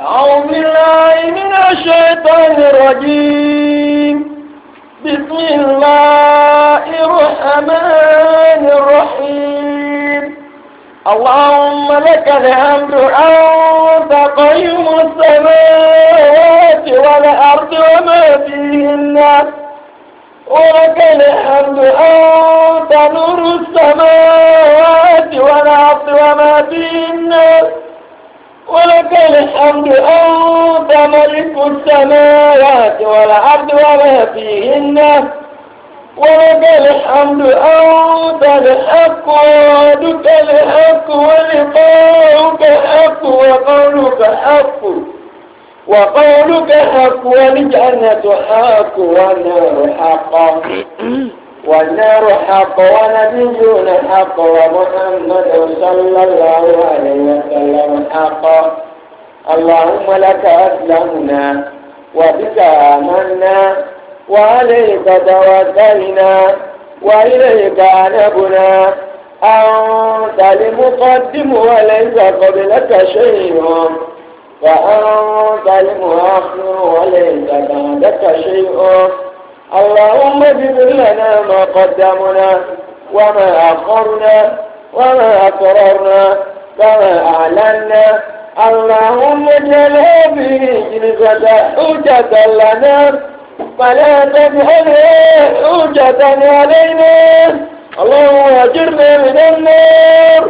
أعوذ بالله من الشيطان الرجيم بسم الله الرحمن الرحيم اللهم لك الحمد أنت قيم السماوات والأرض وما فيهن ولك الحمد أنت نور السماوات والأرض وما فيهن ولك الحمد أنت ملك السماوات والأرض وما فيهن ولك الحمد أنت الحق وعدك الحق ولقاؤك حق وقولك حق وقولك حق والجنة حق والنار حق والنار حق ونبينا حق ومحمد صلى الله عليه وسلم حق اللهم لك أسلمنا وبك آمنا وعليك توكلنا وإليك أنبنا أنت المقدم وليس قبلك شيء وأنت المؤخر وليس بعدك شيء اللهم اجبر لنا ما قدمنا وما أخرنا وما أسررنا وما أعلنا اللهم اجعل به جلسة حجة لنا فلا تجعلها حجة علينا اللهم اجرنا من النار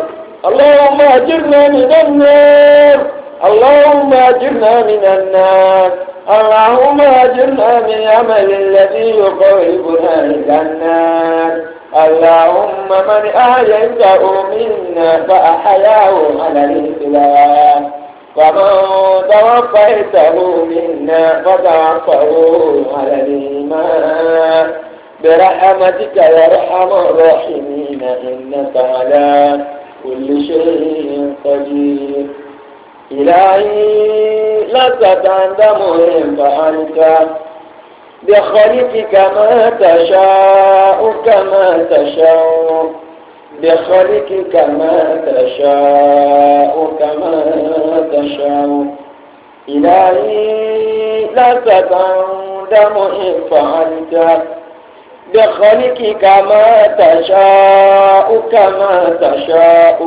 اللهم اجرنا من النار اللهم اجرنا من النار اللهم اجرنا من عمل الذي يقربنا الى النار اللهم من احييته منا فاحياه على الاسلام ومن توفيته منا فتوفه على الايمان برحمتك يا ارحم الراحمين انك على كل شيء قدير إلهي لست تندم فأنت بخلقك ما تشاء كما تشاء بخلقك ما تشاء كما تشاء إلهي لست تندم إن فعلت بخلقك ما تشاء كما تشاء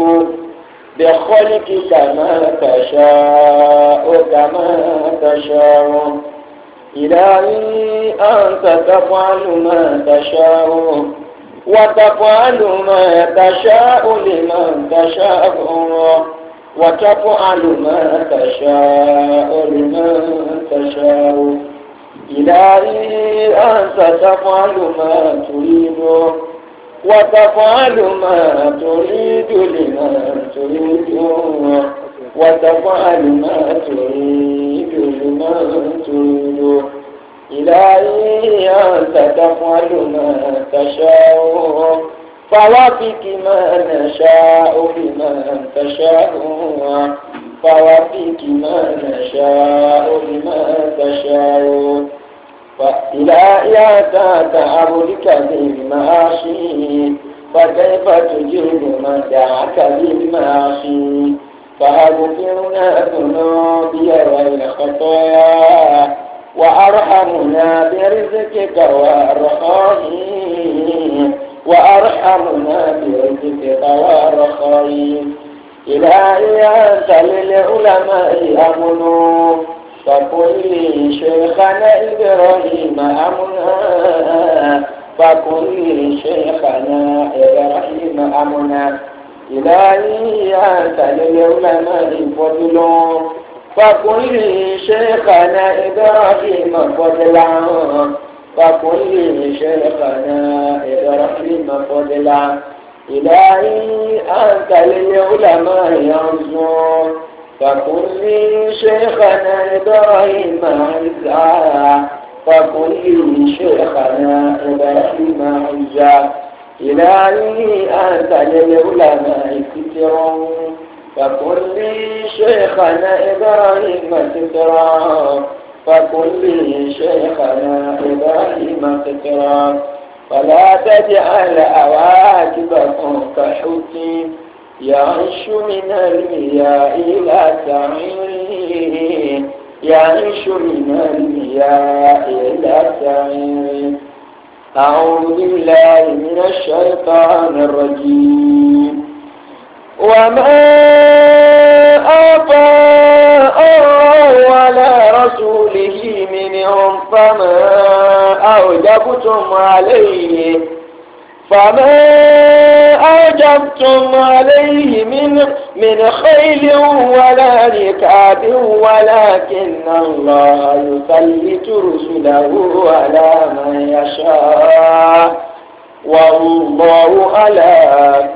بخلقك كما تشاء كما تشاء إلهي أنت تفعل ما تشاء وتفعل ما تشاء لمن تشاء وتفعل ما تشاء لمن تشاء إلهي أنت تفعل ما تريد وتفعل ما تريد لما تريد وتفعل ما تريد لما تريد إلهي أنت تفعل ما تشاء فوافق ما نشاء بما تشاء فوافق ما نشاء بما تشاء فإلهي أتاك أبوك بالمعاشي فكيف تجيب من دعاك بالمعاشي فأغفرنا ذنوبي والخطايا وأرحمنا برزقك وأرخائي وأرحمنا برزقك وأرخائي إلهي أنت للعلماء أمنوا فقل لي شيخنا إبراهيم أمنا فقل لي شيخنا إبراهيم أمنا إلهي أنت اليوم مالي فضل فقل لي شيخنا إبراهيم فضلا فقل لي شيخنا إبراهيم فضلا إلهي أنت للعلماء ينصر فقل لي شيخنا إبراهيم عزا فقل لي شيخنا إبراهيم عزا إلهي أنت للعلماء كثير فقل لي شيخنا إبراهيم كثيرا فقل لي شيخنا إبراهيم كثيرا فلا تجعل أواكبكم كحكيم يعيش من الرياء لا تعين يعيش من الرياء لا تعين أعوذ بالله من الشيطان الرجيم وما أطاء الله على رسوله منهم فما أوجبتم عليه فما أعجبتم عليه من من خيل ولا ركاب ولكن الله يثلت رسله على من يشاء والله على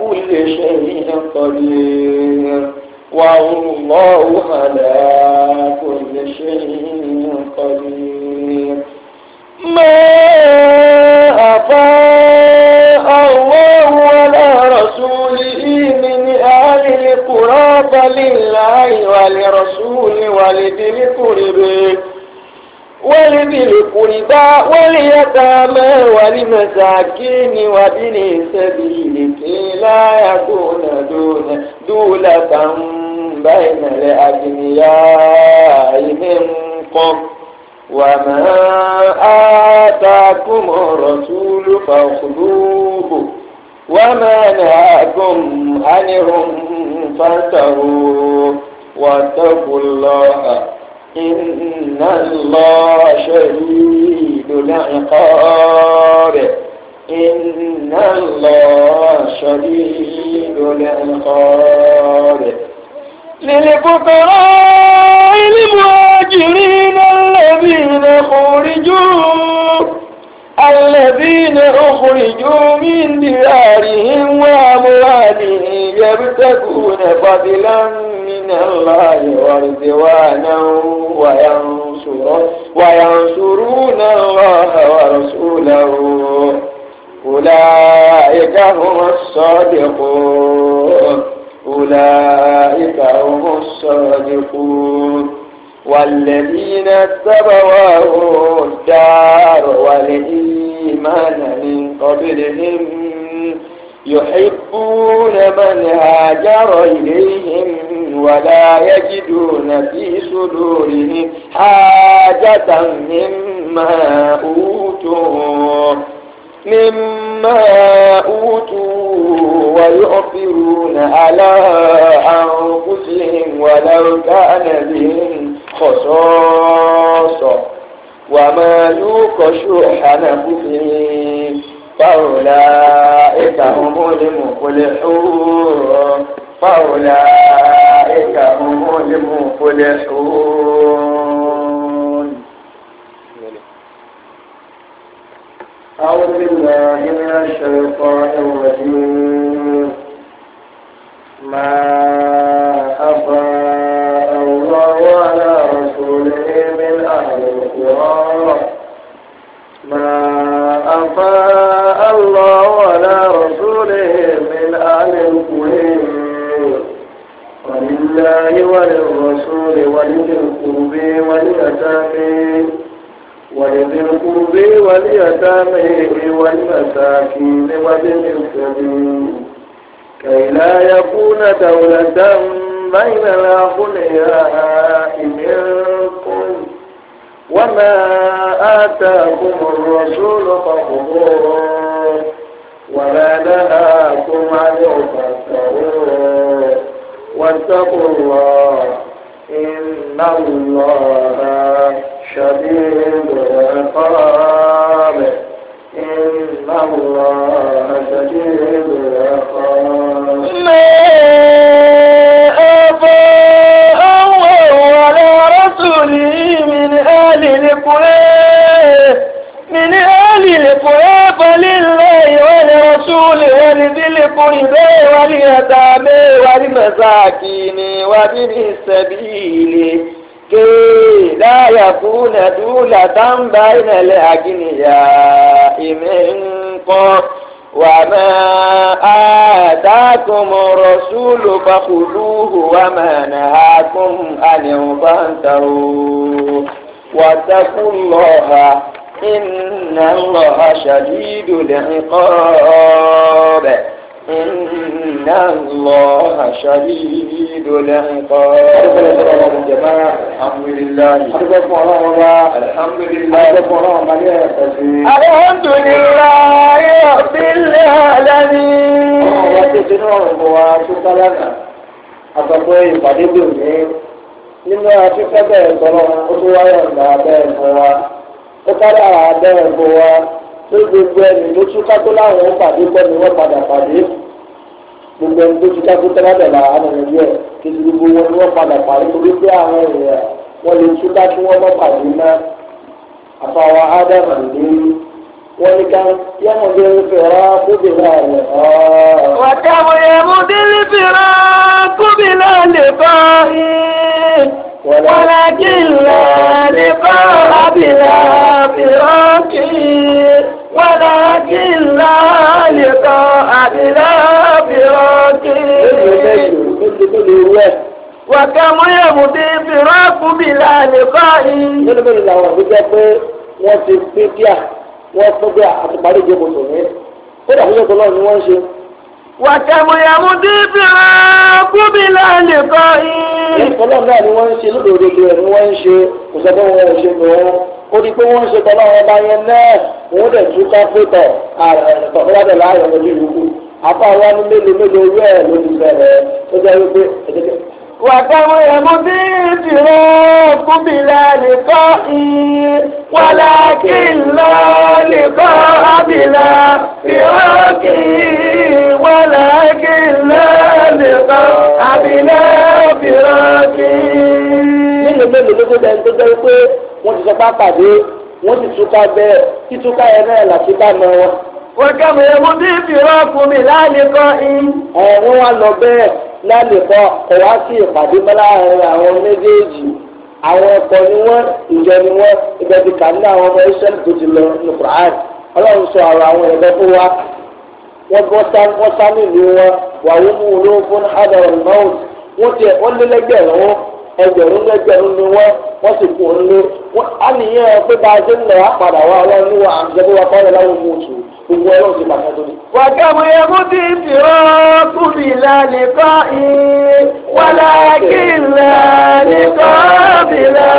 كل شيء قدير والله على كل شيء قدير ما أفاء الله على رسوله من أهل القرى فلله ولرسول ولذي القرب ولذي القربى واليتامى والمساكين وابن السبيل كي لا يكون دون دولة بين الأغنياء منكم وما آتاكم الرسول فخذوه وما نهاكم عنهم فانتهوا واتقوا الله إن الله شديد العقاب إن الله شديد العقاب للفقراء المهاجرين الذين أخرجوا الذين أخرجوا من ديارهم وأموالهم يبتغون فضلا من الله ورضوانا وينصرون الله ورسوله أولئك هم الصادقون أولئك هم الصادقون والذين اتبعوا الدار والإيمان من قبلهم يحبون من هاجر إليهم ولا يجدون في صدورهم حاجة مما أوتوا مما أوتوا ويؤثرون على أنفسهم ولو كان بهم خصاصة وما يوق شح نفسهم فأولئك هم المفلحون فأولئك هم المفلحون أعوذ بالله من الشيطان الرجيم ما أفاء الله على رسوله من أهل القرى ما أفاء الله على رسوله من أهل القرى ولله وللرسول ولذي القرب واليتامى ولذي القرب واليتامى والمساكين وابن السبيل كي لا يكون دولة بين الأغنياء منكم وما آتاكم الرسول فخذوه ولا نهاكم عنه فاتقوه واتقوا الله إن الله شديد العقاب إن الله شديد العقاب ما أضاء الله على رسوله من أهل القرى من أهل القرى فلله ولرسول ولذي القربى واليتامى والمساكين وابن السبيل láyàkú nàdú làtàǹbà ìnàlẹ̀ àgìnìyà ìmẹ̀ǹkọ́ wà máa àdákùnmọ̀ rọ̀ṣúlù fàkùlùhù wà máa nà ákùn àníhùn fàǹtàrò wàtàkùn lọ́ha ìnà lọ́ha ṣàdídò lẹ́yìn kọ́ ọ̀bẹ̀. إن الله شديد iqab. Adúgbò fún ọlọ́run jẹ̀má. Alhamdulilayi. Adúgbò fún ọlọ́run wa. Alhamdulilayi. Adúgbò fún ọlọ́run Nínú àtúntà bẹ́ẹ̀ sọ̀rọ̀ ó tún wáyọ̀ ǹda bẹ́ẹ̀ bọ̀ wá. Ó kálá bẹ́ẹ̀ bọ̀ wá pé gbogbo ẹni ló tún kákó láwọn pàdé pẹ́ ni wọ́n padà pàdé gbogbo ẹni tó tún kákó tẹ́lẹ̀ là á nìyẹn díẹ̀ kí gbogbo wọn ni wọ́n padà pàdé torí pé àwọn èèyàn wọ́n lè tún kákó wọ́n mọ́ pàdé mọ́ àfàwọn ádámà lórí wọ́n ní ká yẹ́mọ̀ bí ẹni fẹ̀rẹ̀ kóbi náà lè fà á. wàtàwọ̀ yẹ́mọ̀ bí ẹni fẹ̀rẹ̀ kóbi náà lè fà ولكن لا لقاء بلا فراق ولكن لا لقاء بلا فراق وكم يمضي فراق بلا لقاء wọ́n ti pín díà wọ́n fún bí àtùpàdé ìjẹ́ mùsùlùmí kódà fún yẹ́kọ̀ọ́ náà ni wọ́n ń ṣe Wàtẹ̀mùyàmú dípì rán kúbìlà nìkan yìí. Ìpínlẹ̀ náà ni wọ́n ń ṣe lóde òdodo ẹ̀ ni wọ́n ń ṣe kò sọ pé wọ́n ń ṣe lòun. Ó di pé wọ́n ń ṣe tọ́lá ọba yẹn náà òun dẹ̀ tún ká pé tọ̀ láàyò lórí ìlú. Àbá wa ní mélòó mélòó rẹ̀ ló ti bẹ̀rẹ̀ tó jẹ́ wípé ẹ̀jẹ̀ وكم يمضي فراق بلا لقاء ولكن لا لقاء بلا فراق ولكن لا لقاء بلا فراق nínú mélòó ló tó dẹni tó dẹni pé wọ́n ti sọ pé àpàdé wọ́n ti túká bẹ́ẹ̀ títúká yẹn náà làtí bá mọ wọn. wọ́n kẹ́mi ẹ̀mú bí fìrọ́ọ̀kù mi láàlẹ́ kọ́ in. ẹ̀ wọ́n wá lọ bẹ́ẹ̀ lálẹ́kọ́ kò wá sí ìpàdé mọ́ láàrin àwọn méjèèjì àwọn ẹ̀kọ́ ni wọ́n ìjọ ni wọ́n ibẹ̀ ti kà ní àwọn ọmọ Ísírẹ́lì tó ti lọ ní Quran ọlọ́run sọ ọ̀rọ̀ àwọn ẹ̀gbẹ́ fún wa wọ́n bọ́ sá nílùú wọn wàhùn mú olóògùn hadar al wọ́n ti ẹ̀ wọ́n lé lẹ́gbẹ̀rún ẹgbẹ̀rún lẹ́gbẹ̀rún ni wọ́n wọ́n sì kú òun lé wọ́n á nìyẹn pé bá a ṣe ń lọ á padà wá wọ́n ní wa àǹjẹ́bí wa kọ́ lọ́wọ́ mú oṣù gbogbo ẹ̀rọ ti bàtà tó ní. wàgàmù ẹ̀mú ti fi ọ́ọ́kùn ìlà nìkan ìyẹn wàlá kí ìlà nìkan ìlà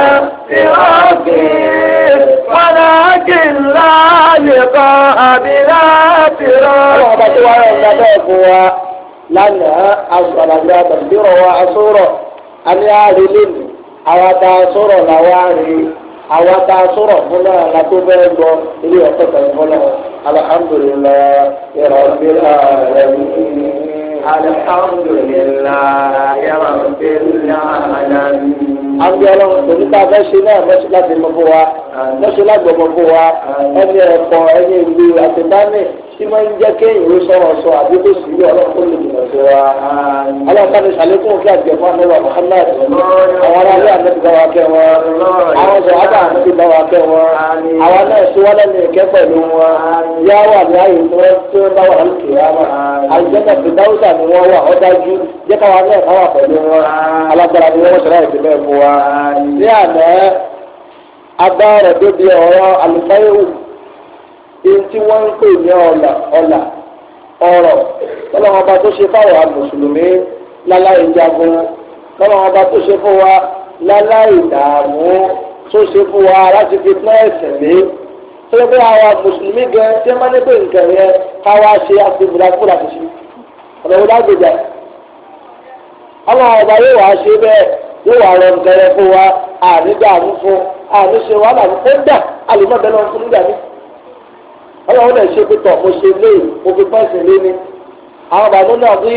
fi ọ́ọ́kùn wàlá kí ìlà nìkan àbílà fi ọ́ọ́kùn. ọlọ́run ọba tí wàá rẹ̀ ń dábẹ́ fún wa lánàá aṣọ àlàyé àtàlẹ́ àní àárẹ̀ lónìí àwa tá a sọ̀rọ̀ làwa àárẹ̀ àwa tá a sọ̀rọ̀ fún náà la tó bẹ́ẹ̀ lọ ilé ọ̀tọ̀ tẹ̀lé fún náà alhamdulilayi rabbil alamin alhamdulilayi rabbil alamin àbí ọlọ́run tòun tá a fẹ́ ṣe náà mọ́ṣíláṣí mọ́ fún wa mọ́ṣíláṣí mọ́ fún wa ẹni ẹ̀kọ́ ẹni ìlú àtìbámi tí máa ń jẹ́ kéèyàn ó sọ̀rọ̀ sọ àbí tó sì rí ọlọ́pàá lè jìnnà sí wa. ọlọ́pàá ní sàlékún òkè àjẹmọ́ àmẹ́wà Muhammad àwọn aráàlú àmẹ́bí bá wa kẹ́ wọn àwọn sọ̀rọ̀ àbá àmẹ́bí bá wa kẹ́ wọn àwọn náà sí wọn lẹ́nu ìkẹ́ pẹ̀lú wọn yá wà ní ààyè tí wọ́n tí wọ́n bá wà lókè àmà àjẹmọ́ ti dáwùsà ni wọ́n wà ọ́dájú jẹ́ káwa náà káwà pẹ̀lú wọn alágbára ni wọ́n sọ̀rọ̀ èyí tí wọ́n ń pè ní ọ̀là ọ̀là ọ̀rọ̀ lọ́wọ́ ọba tó ṣe fáwọn mùsùlùmí láláì jagun lọ́wọ́ ọba tó ṣe fún wa láláì dààmú tó ṣe fún wa láti fi pín ẹ̀sìn lé tó yẹ pé àwa mùsùlùmí gan ṣé máa ní pé nǹkan yẹn káwa ṣe àtìmúlàkú láti ṣe ọ̀nà wo lágbèjà ọlọ́wọ́ ọba yóò wá ṣe bẹ́ẹ̀ yóò wá rọ nǹkan yẹn fún wa àní dààmú fún àní ṣe wàhálà fún kódà àlùmọ́ ọlọ́run lè ṣe pípọ̀ mo ṣe lé mo fi pẹ́sìn lé ní. àwọn bàbá náà bí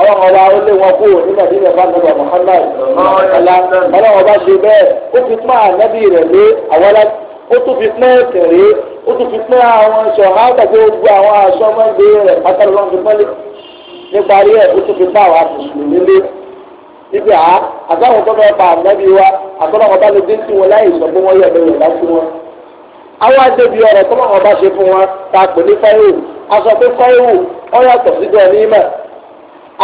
ọlọ́run ọba ó lé wọn kúrò ní nàìjíríà bá nàbà Muhammad ọlá ọlọ́run ọba ṣe bẹ́ẹ̀ ó fi pọ́n ànábì rẹ̀ lé àwọn ọlá ó tún fi pọ́n ẹ̀sìn rè é ó tún fi pọ́n àwọn aṣọ àgbàgbé gbogbo àwọn aṣọ ọmọdé rẹ̀ pátálọ́ lọ́n fi pọ́nlé níparí ẹ̀ ó tún fi pọ́n àwọn àtùsùlùmí lé ibi àá àtàwọn tó fẹ́ pa ànábì wa àtọ́lọ́wọ́n bá lè dé sí wọn láì sọ pé wọ́n yẹ̀ lóyún lásìwọ́n àwọn àdébí ọ̀rọ̀ tó máa bá ṣe fún wa ta pè ní fáyéwù a sọ pé fáyéwù ó yàtọ̀ sí gọ̀ọ́nímà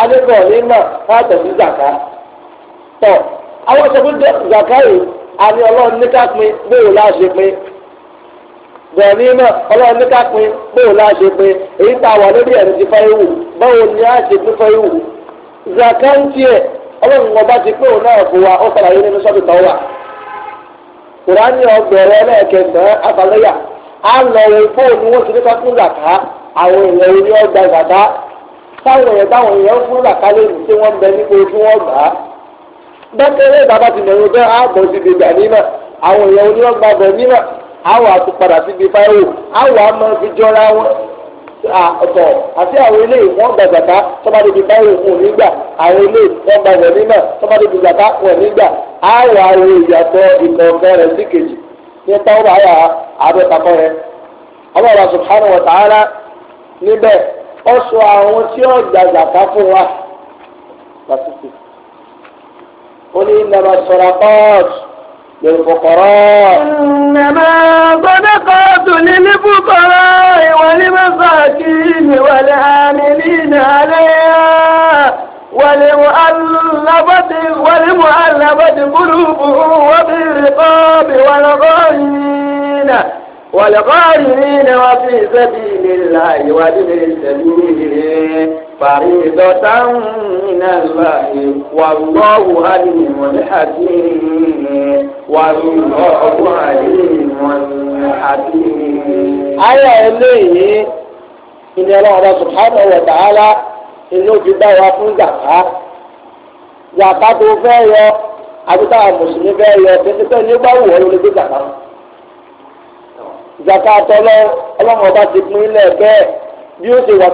adégọ̀ọ́nímà yàtọ̀ sí zàká tọ̀ àwọn sọ pé zàká yìí àní ọlọ́run ní ká pín bóòlù láṣẹ pín gọ̀ọ́nímà ọlọ́run ní ká pín bóòlù láṣẹ pín èyí tá a wà lórí ẹ̀rí ti fáyéwù báwo ni a ṣe pín fáyéwù zàká ń tiẹ̀ ọlọ́run ọba ti pé òun náà fún wa ó sàlàyé nínú sọ́ọ̀tì tó wà. kùránì ọgbẹ̀rẹ̀ ẹlẹ́ẹ̀kẹsàn-án afàlẹ́yà á lọ wo fóònù wọn ní ká fún làkà àwọn èèyàn oní ọgbà ìbàdá táwọn èèyàn táwọn èèyàn fún làkà lè ní tí wọ́n bẹ nípa ojú wọn gbà á. ti bẹ́ẹ̀ á bọ̀ nímọ̀ àwọn èèyàn ọgbà bẹ̀ nímọ̀ fáwọn ọ̀tọ̀ àti àwọn ilé wọn gba zaka tọ́mọdé bíi báyìí fún òní gbà àwọn ilé wọn gba wọ̀ní tọ́mọdé bíi àwọn ìyàtọ̀ rẹ̀ sí kejì ní rẹ̀ subhanahu wa ta'ala níbẹ̀ ó sọ àwọn tí ó للفقراء إنما صدقات للفقراء والمساكين والعاملين عليها والمؤلفة والمؤلفة قلوبهم وفي الرقاب والغارمين والغارمين وفي سبيل الله وابن السبيل فريضة من الله والله عليم حكيم والله عليم حكيم على إليه إن الله سبحانه وتعالى إنه fi bá wa fún zàká zàká tó fẹ́ yọ àbí táwọn mùsùlùmí fẹ́ zaka atọlọ ọlọ́run ọba ti pín ilẹ̀ bẹ́ẹ̀ bí ó ṣe wà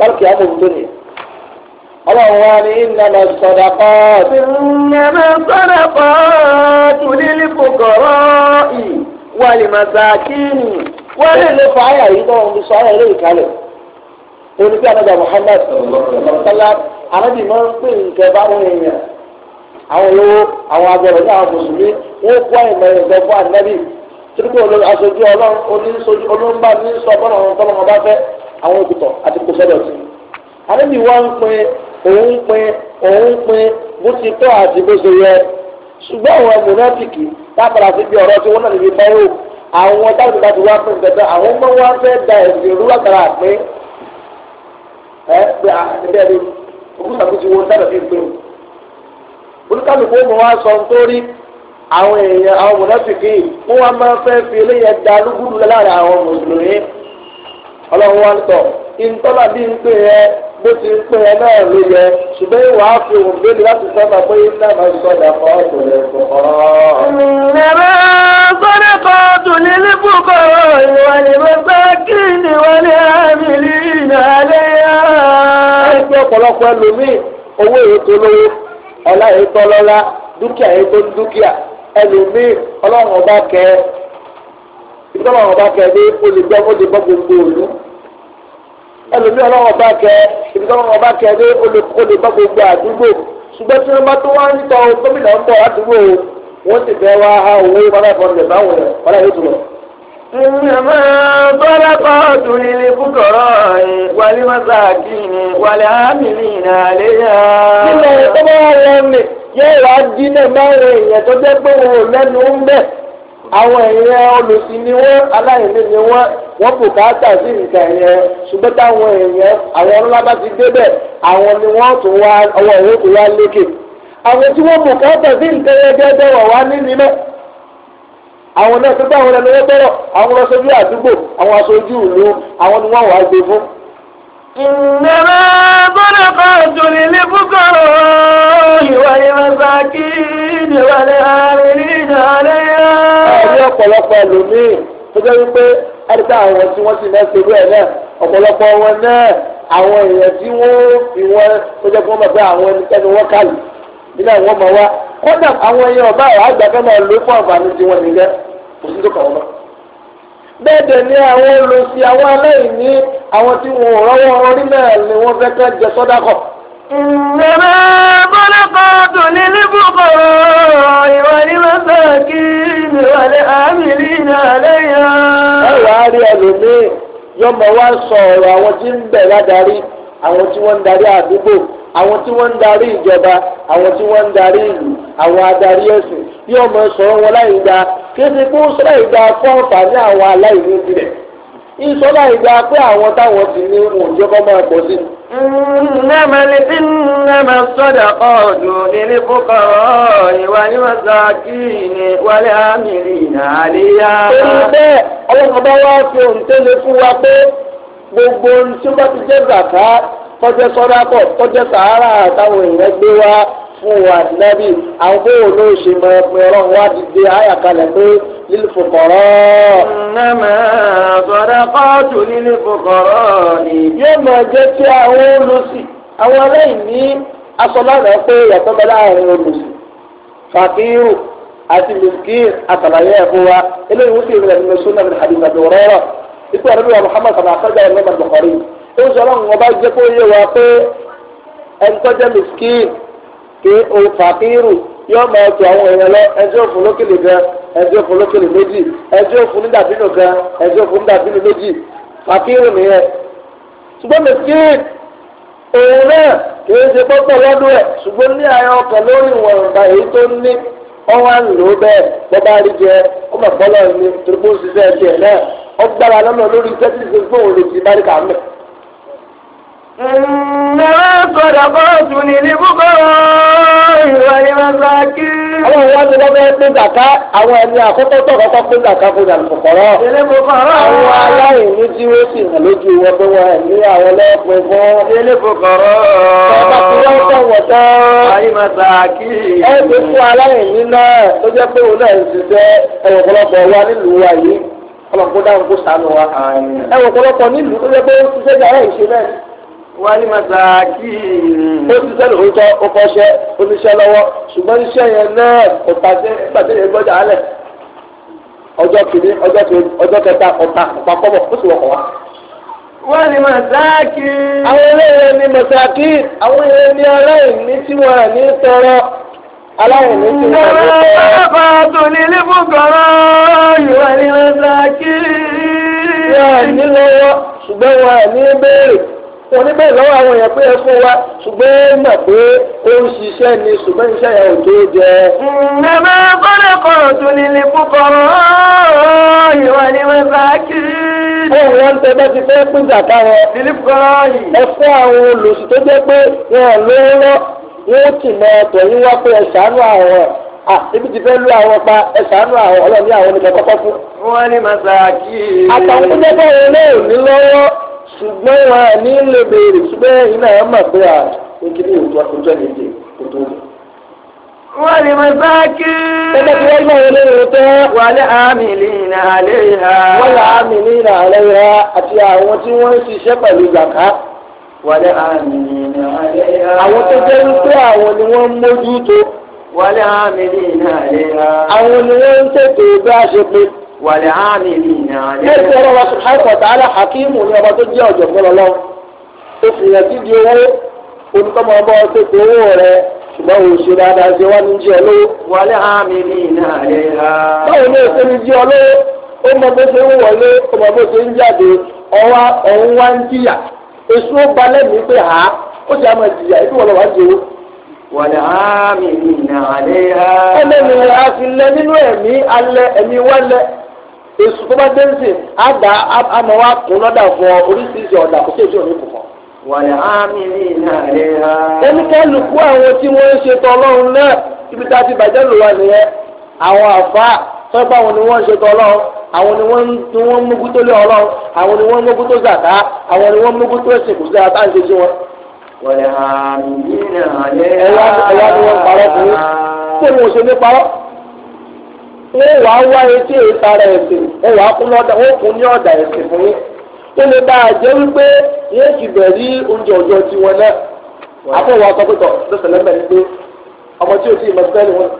ọlọ́run wa ìnana ìnana ì wàlì màsàkìnì. wọ́n lè lè àyà yìí náà sọ àyà ilé ìkàlẹ̀. olùkí anájà Muhammad sọlá anábì máa ń pè nǹkan bá wọn èèyàn àwọn olówó àwọn agbẹ̀rẹ̀ ní àwọn mùsùlùmí wọ́n torípé olórí aṣojú ọlọ́run oníṣojú olóńgbà ní sọ bọ́nà àwọn tọ́lọ́ wọn bá fẹ́ àwọn òkùtọ̀ àti kò sọ́dọ̀ sí. àdébí wá ń pin òun pin òun pin bó ti tọ́ àti bó ṣe yẹ ṣùgbọ́n àwọn mùnátìkì tábàlà sí bí ọ̀rọ̀ tí wọ́n náà lè fi báyò àwọn táwọn ìgbà tí wọ́n á pín tẹ̀tẹ̀ àwọn ọmọ wọn fẹ́ da ẹ̀sìn ìrú àkàrà pín ẹ bẹ́ẹ̀ ni òkúta tó ti wọ́n sábà fi pín olùkàlùkù ó mọ̀ wá sọ nítorí àwọn èèyàn àwọn mùnàfíkì wọn wá máa fẹ́ fi eléyẹ da lúgúrú lẹ láàrin àwọn mùsùlùmí ọlọ́run wá ń tọ̀ ìtọ́lá bí ń pè yẹ bó ti ń pè yẹ náà ló yẹ ṣùgbọ́n ìwà àfi òun láti sọ́nà pé máa ìwà kí ni wọ́n ní àmìlí ìnàlẹ́ yá. ọ̀pọ̀lọpọ̀ ẹlòmíì ẹlòmíì ọlọ́run ọba kẹ ibi ọba kẹ ní olùgbọ́ olùgbọ́ gbogbo òlu kẹ ibi ọba kẹ ní olùgbọ́ gbogbo àdúgbò ṣùgbọ́n tí wọ́n bá tó wá ń tọ́ gómìnà ń tọ́ àdúgbò wọ́n fẹ́ wá إنما صدقات للفقراء والمساكين والعاملين عليها. Nílẹ̀ ìtọ́lá ọlọ́mì yóò wá dínà báwọn èèyàn tó jẹ́ pé wọ́n aláìní ni wọ́n wọ́n kò káàtà sí nǹkan yẹn ṣùgbọ́n táwọn èèyàn àwọn ọlọ́lá bá ti àwọn ni àwọn náà tó bá àwọn ẹlẹ́wọ́ bẹ̀rọ̀ àwọn aṣojú àdúgbò àwọn aṣojú ìlú àwọn ni wọ́n wàá gbé fún. ìnáwó bọ́dọ̀ kan tòlí ní fúkọ̀rọ̀ ìwà ìrọ̀sà kí ìdíwà lè yá. ẹ̀rí ọ̀pọ̀lọpọ̀ ẹlòmíì tó jẹ́ wípé ẹ̀ríkà àwọn tí wọ́n sì náà ṣe bẹ́ẹ̀ náà ọ̀pọ̀lọpọ̀ wọn náà àwọn èèyàn tí wọ́n fi wọn tó jẹ́ kódà àwọn ẹyẹ ọba àwọn àgbàfẹ́ náà ló fún àǹfààní tiwọn nìyẹn kò sí tó kàn wọ́n mọ́. bẹ́ẹ̀ dẹ̀ ni àwọn olùsí àwọn aláìní àwọn tí wọn ò rọ́wọ́ orí náà ni wọ́n fẹ́ kẹ́ jẹ sọ́dá kọ̀. ní ìwà ní àmì lẹ́yìn. ẹ yọmọ wa sọ ọrọ àwọn tí ń àwọn tí wọ́n ń darí ìjọba àwọn tí wọ́n ń darí ìlú àwọn adarí ẹ̀sìn bí ọmọ sọ̀rọ̀ wọn láì gba kéde kó sọ̀rọ̀ ìgbà àwọn aláìní ìbílẹ̀ ìsọ̀rọ̀ ìgbà pé àwọn táwọn ti ní máa pọ̀ sí. nnẹ́mà nnẹ́mà ọ̀dùn fúkọ̀rọ̀ ìwà sọ kí ni wálé bẹ́ẹ̀ wá fi òǹtẹ́lẹ̀ fún wa pé gbogbo ohun tí ó bá ti jẹ́ kọjá sọdákọ kọjá sàárà táwọn èèyàn gbé wá fún wa nẹbi àwọn bóò ló ṣe mọ ẹgbẹ́ Ọlọ́run wá dìde àyàkálẹ pé lílù fòkọrọ. nàmà sọdákọ tù lílù fòkọrọ ni. yóò máa jẹ́ kí àwọn olùsìn àwọn aláìní asọlọ́nà pé yàtọ̀ bẹ láàrin olùsìn fàkírù àti miskin àtàlàyé ẹ̀fọ́ wa eléyìí wọ́n sì rìn ẹ̀mí sunna min hadith Abu ikú àdúgbò Muhammad sàlàkàjà ẹ̀mí Bukhari. ó sọ̀rọ̀ ń ọba jẹ́ kó yé wa pé ẹni tó jẹ́ kí o fàkírù yóò máa tó àwọn èèyàn lọ ẹjọ́ lókèlè gan ẹjọ́ lókèlè méjì ẹjọ́ gan ẹjọ́ méjì nìyẹn ṣùgbọ́n òun náà ṣe pọ́pọ́ lọ́dún ẹ̀ ṣùgbọ́n ní lórí ìwọ̀nba èyí tó ní ọwọ́ ń lò bẹ́ẹ̀ bọ́bá rí jẹ ó mọ̀ pọ́lọ́ ní torí pé ṣiṣẹ́ náà ó gbára إنما صدقات للفقراء والمساكين. àwọn ìwà tó lọ́gbẹ́ pé zaka àwọn ẹni àkọ́kọ́ tó kọ́kọ́ pé zaka fún ìdàlùfọ̀kọ́rọ́. àwọn aláìní tí wọ́n sì hàn lójú wọn pé wọ́n ní àwọn lẹ́ẹ̀pẹ́ fún. ìdàlùfọ̀kọ́rọ́. bàbá tí wọ́n tọ̀ wọ̀ tán. àyìnbàṣàkì. ẹ ti fún aláìní náà tó jẹ́ pé òun náà ń ṣiṣẹ́ ọ̀pọ̀lọpọ̀ wa nílùú wa yìí ọlọ́pọ̀ dáhùn kó sànù wa. ẹ wálé masaki. ó ti sẹ́ni òótọ́ ó kọ́ṣẹ́ ó ti ṣẹ́ lọ́wọ́ ṣùgbọ́n iṣẹ́ yẹn náà kò pàṣẹ pàṣẹ yẹn gbọ́dọ̀ alẹ̀ ọjọ́ kìíní ọjọ́ kìíní ọjọ́ kẹta ọ̀tà ọ̀pàkọ́bọ̀ ó sì wọ̀kọ̀ wá. wọ́n ní masaki. àwọn eléyìí ní masaki àwọn eléyìí ní aláìní tí wọ́n à ní tọrọ aláìní tí wọ́n à ní tọrọ. ìyá bá a tó ní ilé fún kọ́rọ́ ìwà ní masaki. wọ́n à ní lọ́wọ́ ṣùgbọ́n wọ́n à ní béèrè oníbẹ̀rẹ̀ lọ́wọ́ àwọn èèyàn pé ẹ fún wa ṣùgbọ́n mọ̀ pé ó ń ṣiṣẹ́ ni ṣùgbọ́n iṣẹ́ yẹn ò tó jẹ. bàbá bọ́dọ̀ kọ̀rọ̀ tó nílé púpọ̀rọ̀ ìwà ni wọ́n bá kiri. Bọ́ọ̀lù wọn tẹ bá ti fẹ́ pín jàkà rẹ. Fílípù kọ́rọ́ yìí. Ẹ fún àwọn olùsí tó jẹ́ pé wọn ò lówó lọ, wọ́n ó tì mọ́ ẹ̀tọ́ yín wá pé ẹ ṣàánú àwọn ibi tí fẹ́ lú àwọn pa ẹ̀sánú àwọn ọlọ́ọ̀ni àwọn oníkẹ́ kọ́kọ́ fún. wọ́n ní màsàkì. àtàkùn jẹ́ báwo náà ò ní lọ́wọ́ ṣùgbọ́n wọn à ní lè béèrè ṣùgbọ́n iná ẹ̀ mà pé à ekele òtún ọjọ́ méje kò tó lè. wọ́n lè mọ báàkì. tẹ́lẹ̀ tí wọ́n gbọ́ ilé rẹ̀ tẹ́. wà á lé àmì ìlànà àlẹ́ ìhà. wọ́n lè àmì ìlànà àlẹ́ ìhà àti àwọn tí wọ́n ń ṣiṣẹ́ pẹ̀lú gbàgbá. wà á lé àmì ìlànà àlẹ́ ìhà. àwọn tó jẹ́ wípé àwọn ni wọ́n ń mójútó. wà á lé àmì ìlànà àlẹ́ ìhà. àwọn ni wọ́n ń tètè bá a ṣe pé wàlẹ̀ áàmì mi náà. bẹ́ẹ̀ sọ ọlọ́wọ́ subhanahu wa ta'ala hakimu ni ọba tó jẹ́ ọ̀jọ̀gbọ́n lọ́wọ́ tó fi yàn sídìí owó olùkọ́mọ ọba ọ̀sẹ̀ tó owó rẹ̀ ṣùgbọ́n òun ṣe dáadáa ṣe wá ní jẹ́ olówó. wàlẹ̀ áàmì mi náà báwo ni èso ni jẹ́ olówó ó mọ bó ṣe ń wọlé ó mọ bó ṣe ń jáde ọwá ọ̀hún wá ń jìyà èso balẹ̀ mi pé ha ó ṣe àmọ̀ jìyà ètò wọlé wá jẹ́ owó wàlẹ̀ áàmì mi náà ẹlẹ́ni a ti lẹ nínú ẹ̀mí alẹ́ ẹ̀mí wálẹ̀ èsù tó bá dé ń sìn á dá àmọ́ wa kún lọ́dà fún ọ oríṣiríṣi ọ̀dà kò sí èsì òní kù fún. wàlẹ̀ ámì ní ìnáyẹ ha. ẹnikẹ́lùkù àwọn tí wọ́n ń ṣe tọ́lọ́run náà ibi tá a ti bàjẹ́ lò wá nìyẹn àwọn àfa tọ́gbà àwọn ni wọ́n ń ṣe tọ́lọ́run àwọn ni wọ́n ń wọ́n mógú tó lé ọlọ́run àwọn ni wọ́n mógú tó zàtá àwọn ni wọ́n mógú tó ẹ̀sìn sí ata ṣe sí wọn. wàlẹ̀ ámì ní ìnáyẹ ha. ẹ̀yà ni pé wà á wá etí ìtara esi ẹ wà á kún esi wọ́n kún ní ọ̀dà ẹ̀sìn fún yín kí a ti bẹ̀rí oúnjẹ ọjọ́ tiwọn náà àfọwọ́ akọ́kọ́tọ̀ lọ́sọ̀lẹ́ mẹ́rin pé ọmọ tí o ti mọ sẹ́ni wọn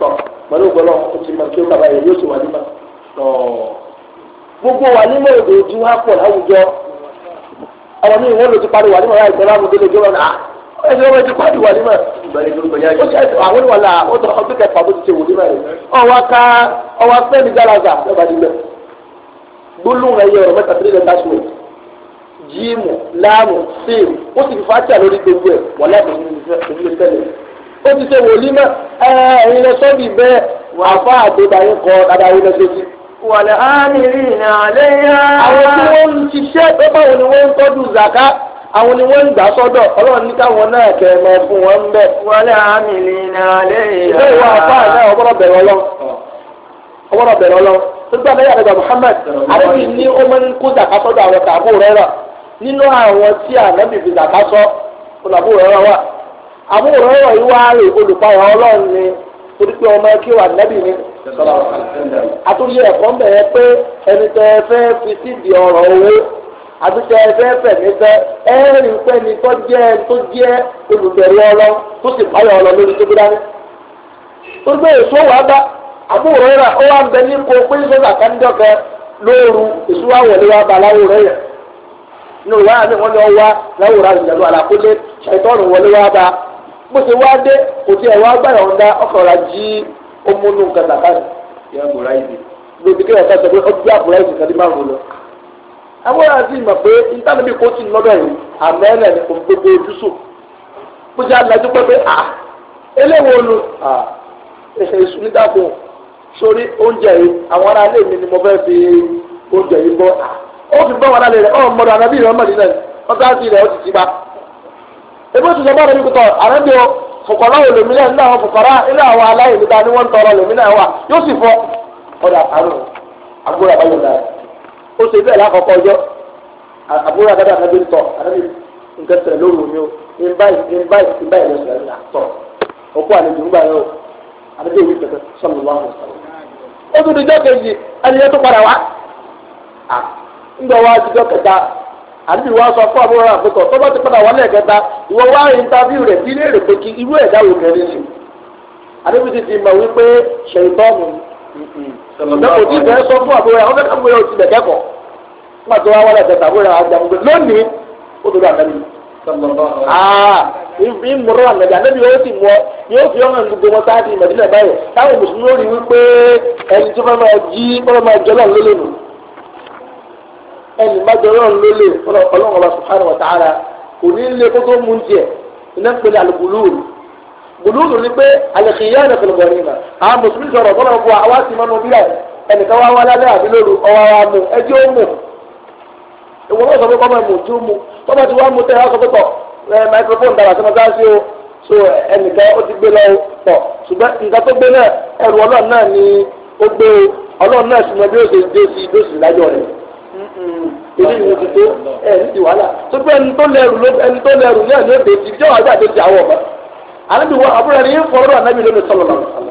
tọ̀ gbogbo ẹsẹ wọn ti kwadi wàlí ma o ṣe ẹsẹ àwọn wàlá o tọ ọdún kẹfà bó ti ṣe wòlí ma yìí ọwọ aká ọwọ afẹ mi galaza lọba di mẹ gbólóhùn ẹyẹ ọ̀rọ̀ mẹ́ta three letter word jíìmù láàmù síìmù ó sì fi fàtíà lórí gbogbo ẹ wọlé ìfẹ́ tẹ́lẹ̀ ó ti ṣe wòlí ma ẹ ẹyin lọ sọbi bẹ́ẹ̀ àfa àgbègbè kọ dada ayé lọ sósì. wàlẹ̀ á nìrìn àlẹ́ yá. àwọn tí wọ́n ń ṣiṣẹ́ pé báwo wọ́n ń tọ́jú zaka. àwọn ni wọ́n ń gbà sọ́dọ̀ ọlọ́run ní káwọn náà kẹ́ fún wọn bẹ́ẹ̀. wọlé àmì alẹ́ yìí. ilé ìwà àfáà náà ọgbọ́dọ̀ bẹ̀rẹ̀ ọlọ́run ọgbọ́dọ̀ bẹ̀rẹ̀ ọlọ́run nígbà náà yàrá Muhammad ní ó máa ń kó sọ́dọ̀ àwọn tààbù rẹ̀ rà nínú àwọn tí ànábì fi sọ tààbù rẹ̀ rà wà. àbúrò rẹ̀ yìí wá àbíkẹ́ ẹgbẹ́ efe fẹ́ ẹ̀rín pẹ́ni tó jẹ́ tó jẹ́ olùbẹ̀rù ọlọ tó sì báyọ̀ ọlọ lórí tó gbéra ní. tó gbé èso wà bá àbúrò rẹ̀ ó wà ń bẹ ní kó pé sọ́sà kánidọ́kẹ́ lóru èso wà wọlé wà bá wọn ni wọn wá láwùrọ̀ àlàkólé ṣàìtọ́nù wọlé wà bá bó ṣe wá dé kò tiẹ̀ wá jí àwọn àti ìmọ̀ pé ntánibí kò tì lọ́dọ̀ yìí àmọ́ ẹ̀ lẹ́nu kò gbogbo ojú sùn kó jẹ́ alájú pé pé à ah, eléwo lu èsù nídàkùn sórí oúnjẹ yìí àwọn ará ilé mi ni mo fẹ́ fi oúnjẹ yìí bọ́ ah, ó fi bọ́ wọn rẹ̀ ọ̀ ó ti ti ebi ti sọ kò o wo náà nínú àwọn fọ ọ̀dà àrùn ó ṣe bẹ́ẹ̀ lákọ̀ọ́kọ́ ọjọ́ àbúrò àgádà àgbẹ̀bí ń tọ̀ àgbẹ̀bí nǹkan tẹ̀ lóru mi o ń báyìí ń báyìí ń báyìí lọ́sọ̀rọ̀ ẹ̀ tọ̀ òkú àlejò ń gbà yọ àdéjọ ìwé kẹtẹ sọlọ wọn sọ̀rọ̀. ó tún dijọ́ kejì tó padà wá ńgbà sọ fún àbúrò tó bá ti padà ìwọ wá rẹ̀ bí léèrè pé kí irú ẹ̀dá wò kẹrin nígbà tó wá wọlé ẹ̀dẹ̀ta wúrẹ̀ wá jẹun pé lónìí ó tó lọ ah ìmúrọ̀ ànábì ànábì yóò sì mọ yóò fi ọ̀ràn gbogbo wọn sáájú ìmọ̀dílẹ̀ báyìí táwọn mùsùlùmí ó rí wípé ẹni tó fẹ́ máa jí fẹ́ máa jọ lọ́run lólè nù ẹni má jọ lọ́run lólè ọlọ́run ọba subhanahu wa ta'ala kò ní lé kó tó mú jẹ iná pẹ̀lú àlùbùlùrù bùlùrù ni pé àlẹ́kìyá ẹ̀nà pẹ̀lú bọ̀rin mà àwọn mùsùlùmí sọ̀rọ̀ bọ́lá gbogbo àwa sì mọ́nu bílẹ̀ ẹnìkan wá wá lálẹ́ àbí lóru ọwọ́ wa mú ẹjẹ́ ó mú ìwọ náà sọ pé kọ́mọ ìmọ̀ ojú mu tọ́mọ ti wá mu tẹ́ ẹ sọ pé tọ̀ microphone dára sí mọ́sáàsì o so ẹnìkan ó ti gbé lọ o tọ̀ ṣùgbọ́n nǹkan tó gbé náà ẹrù ọlọ́run náà ni ó gbé o ọlọ́run náà sì mọ bí ó ṣe dé sí ló sì lájọ rẹ̀ èyí ìwé ti tó ẹ ní ti wàhálà tó pé ẹni tó lẹrù ẹni tó lẹrù náà ló dé ti jọ́wọ́ àgbà tó ti àwọn ọ̀mọ́ àlejò àbúrò ẹni ń fọwọ́rọ́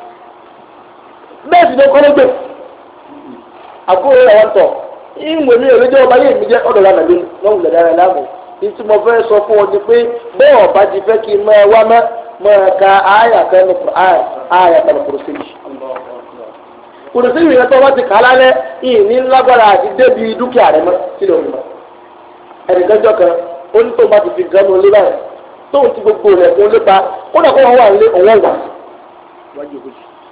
na sì ló kọ́ ló gbè àkóró làwọn tọ̀ ìwé ọba yé mi jẹ́ ọ̀dọ̀ lánàá lé lọ́wọ́ dára láàmú ìtú mo sọ fún ọ ni pé ọba ti fẹ́ kí n wá ka àyà kanu àyà kanu kùrùsí yìí kùrùsí yìí yẹn tó wá ti kà ìní lágbára àti débi dúkìá rẹ kan má ti fi gan ní tóun ti gbogbo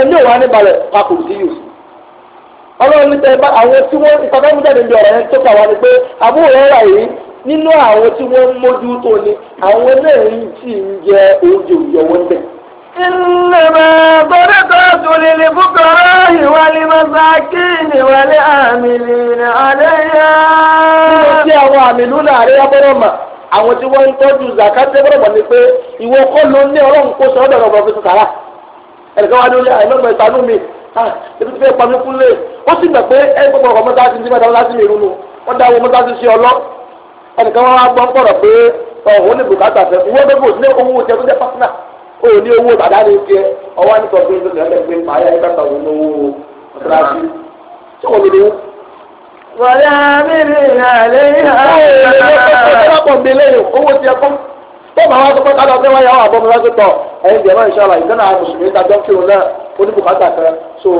ẹni òwò aníbalẹ̀ papò sí yìí ọlọ́run ní tẹ́ àwọn tí wọ́n ìfọ̀dọ́mújáde ní tó kà wá ni pé àbúrò yìí nínú àwọn tí ń mójú tó ni àwọn náà ń ń jẹ oúnjẹ fúkọ̀rọ̀ ìwálé ìwálé àmìlì tí àwọn àmìlú mà, àwọn tí wọ́n ń tọ́jú ni pé ìwọ kọ́ ló ní ọlọ́run ẹnìkan wá ní olè àìmọ́gbọ̀n ìtanú mi ebi tí fẹ́ pa mí kú lé ó sì gbà pé ẹ gbọ́dọ̀ ọkọ̀ mọ́tà sí ní mọ́tà mọ́tà sí mi rúnu wọ́n dá owó mọ́tà sí sí ọlọ́ ẹnìkan wá gbọ́ pọ̀rọ̀ pé ọ̀hún ní bùkátà fẹ́ owó gbogbo ní owó tẹ tó jẹ́ pátánà ó ní owó bàdá ní tiẹ̀ ọwọ́ ní sọ̀gbìn ní sọ̀gbìn ẹgbẹ́ máa yá ẹgbẹ́ sọ̀gbìn ní owó mọ́tà sí tí wọ́n lè wọ́n yá mí tó bá wá sọ pé kálọ̀ pé wọ́n yà wà bọ́ mi wá sí tọ̀ ẹ̀yin jẹ̀rọ ìṣọ̀lá ìdáná àwọn mùsùlùmí ta jọ́ kírun náà ó ní bùkátà kan so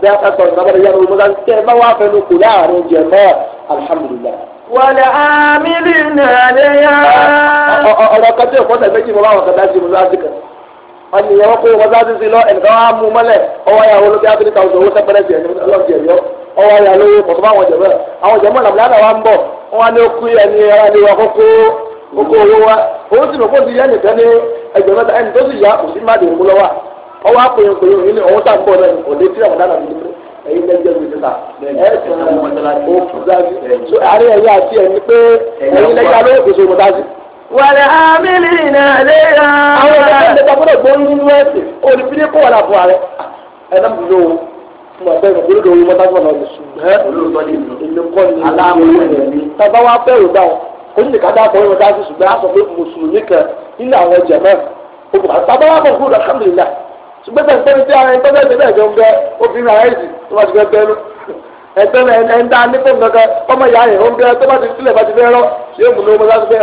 bí a ká sọ ìdábàdà yẹn lórí mọ́tàlí tẹ́ ẹ bá wà fẹ́nu kù láàrin jẹ̀ náà alhamdulillah. wàlẹ̀ amílì nàlẹ́ yá. ọ̀rọ̀ kan tí o fọ́sẹ̀ méjì mo bá wọn kàdá sí mọ́tàlí kan wọ́n ní ìyẹn kó mọ́tàlí sí lọ ẹnìkan wá mú mọ́lẹ̀ ọwọ́ ya wọ́n áfíríkà ọ̀sẹ̀ owó sẹ́pẹ́rẹ́ sí ẹ̀yọ́ ọlọ́ọ̀dì ẹ̀yọ́ ọwọ́ ya lówó kọ̀tọ́ bá wọn jẹ̀mọ́ àwọn jẹ̀mọ́ làbúlá náà wá ń bọ̀ wọ́n wá ní ó kú ẹni ẹni wọn kó kó owó wá òun sì mọ̀ ti yá nìkan ní ẹgbẹ̀rún mẹ́ta ẹni tó sì yá òsì má dèrò lọ́wọ́ ọwọ́ àpòyìn pòyìn òyìn ní ọwọ́ tá ń bọ̀ náà kò lè tí àwọn dáná mi lé lẹ́jọ́ mi síta ẹ̀sìn òkú dájú so àárẹ̀ ẹ̀yà àti ẹ̀yìn pé ẹ̀yin lẹ́jọ́ alóyè kò so mo dájú. wàlẹ̀ àmìlì náà lè ra. àwọn ẹ̀ka ń dẹ́ta fúnlẹ̀ gbóyún oníkàdá àpọ̀ ìwọ̀n dájú ṣùgbọ́n a sọ pé mùsùlùmí kan nínú àwọn ẹ̀jẹ̀ náà ó kò bá tábà wà fún alhamdulilá ṣùgbọ́n sẹ́ni pẹ́ni tí ara ẹni tọ́jú ẹ̀jẹ̀ náà jẹun bẹ́ obìnrin ara ẹ̀jì tó bá ti fẹ́ bẹ́ẹ̀ ẹgbẹ́ rẹ̀ ẹ̀ ń nípò kankan ọmọ ìyá rẹ̀ ó ń bẹ́ẹ̀ tó bá ti sílẹ̀ bá ti fẹ́ rọ́ ṣé èmi ló mọ láti fẹ́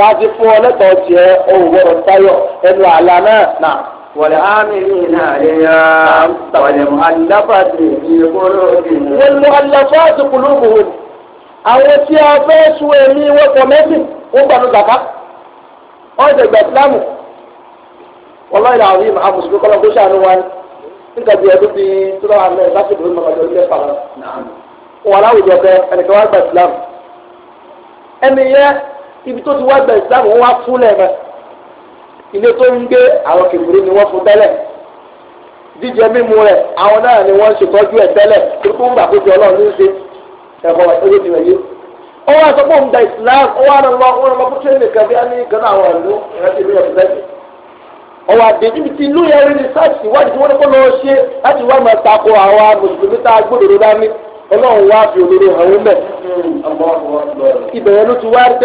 tàbí fún ọ lẹ́tọ̀ọ́ tiẹ̀ ohun gbọ́dọ̀ táyọ̀ ẹnu àlà náà nà. wọ̀lẹ̀ ámì iná àríyá wọ̀lẹ̀ aláfàtì ìkúrò ìlú. wọ̀lẹ̀ aláfàtì kùlùkù wò ni. àwọn tí a fẹ́ sun èmi wọn kọ mẹ́sì wọn gbàdú zaka wọn ṣe gbà sílámù. wọ́n lọ́yìn àwọn yìí máa mùsùlùmí kọ́lọ́ kó ṣàánú wa ni. nígbà tí ẹbí bíi tí wọ́n wà láti ìlú mọ̀kànlá ilé pàlọ́. wọ́n aláwùjọ kẹ ẹnì ibi tó ti wá gba islam wọn wá fún lẹ́ẹ̀mẹ́ ilé tó ń gbé àwọn ni wọ́n fún tẹ́lẹ̀ jíjẹ mímu rẹ̀ àwọn náà ni wọ́n ṣètọ́jú ẹ̀ tẹ́lẹ̀ tó ń gbà kó jọ ọlọ́run ní ṣe ẹ̀kọ́ ti da islam ó wá lọ wọn lọ fún tẹ́lẹ̀ kan bí a ní àwọn ìlú ìrántí ìlú ọ̀sẹ̀ àdéjú ti ìlú yẹn rí tí kọ́ ṣe láti wá máa àwa mùsùlùmí tá a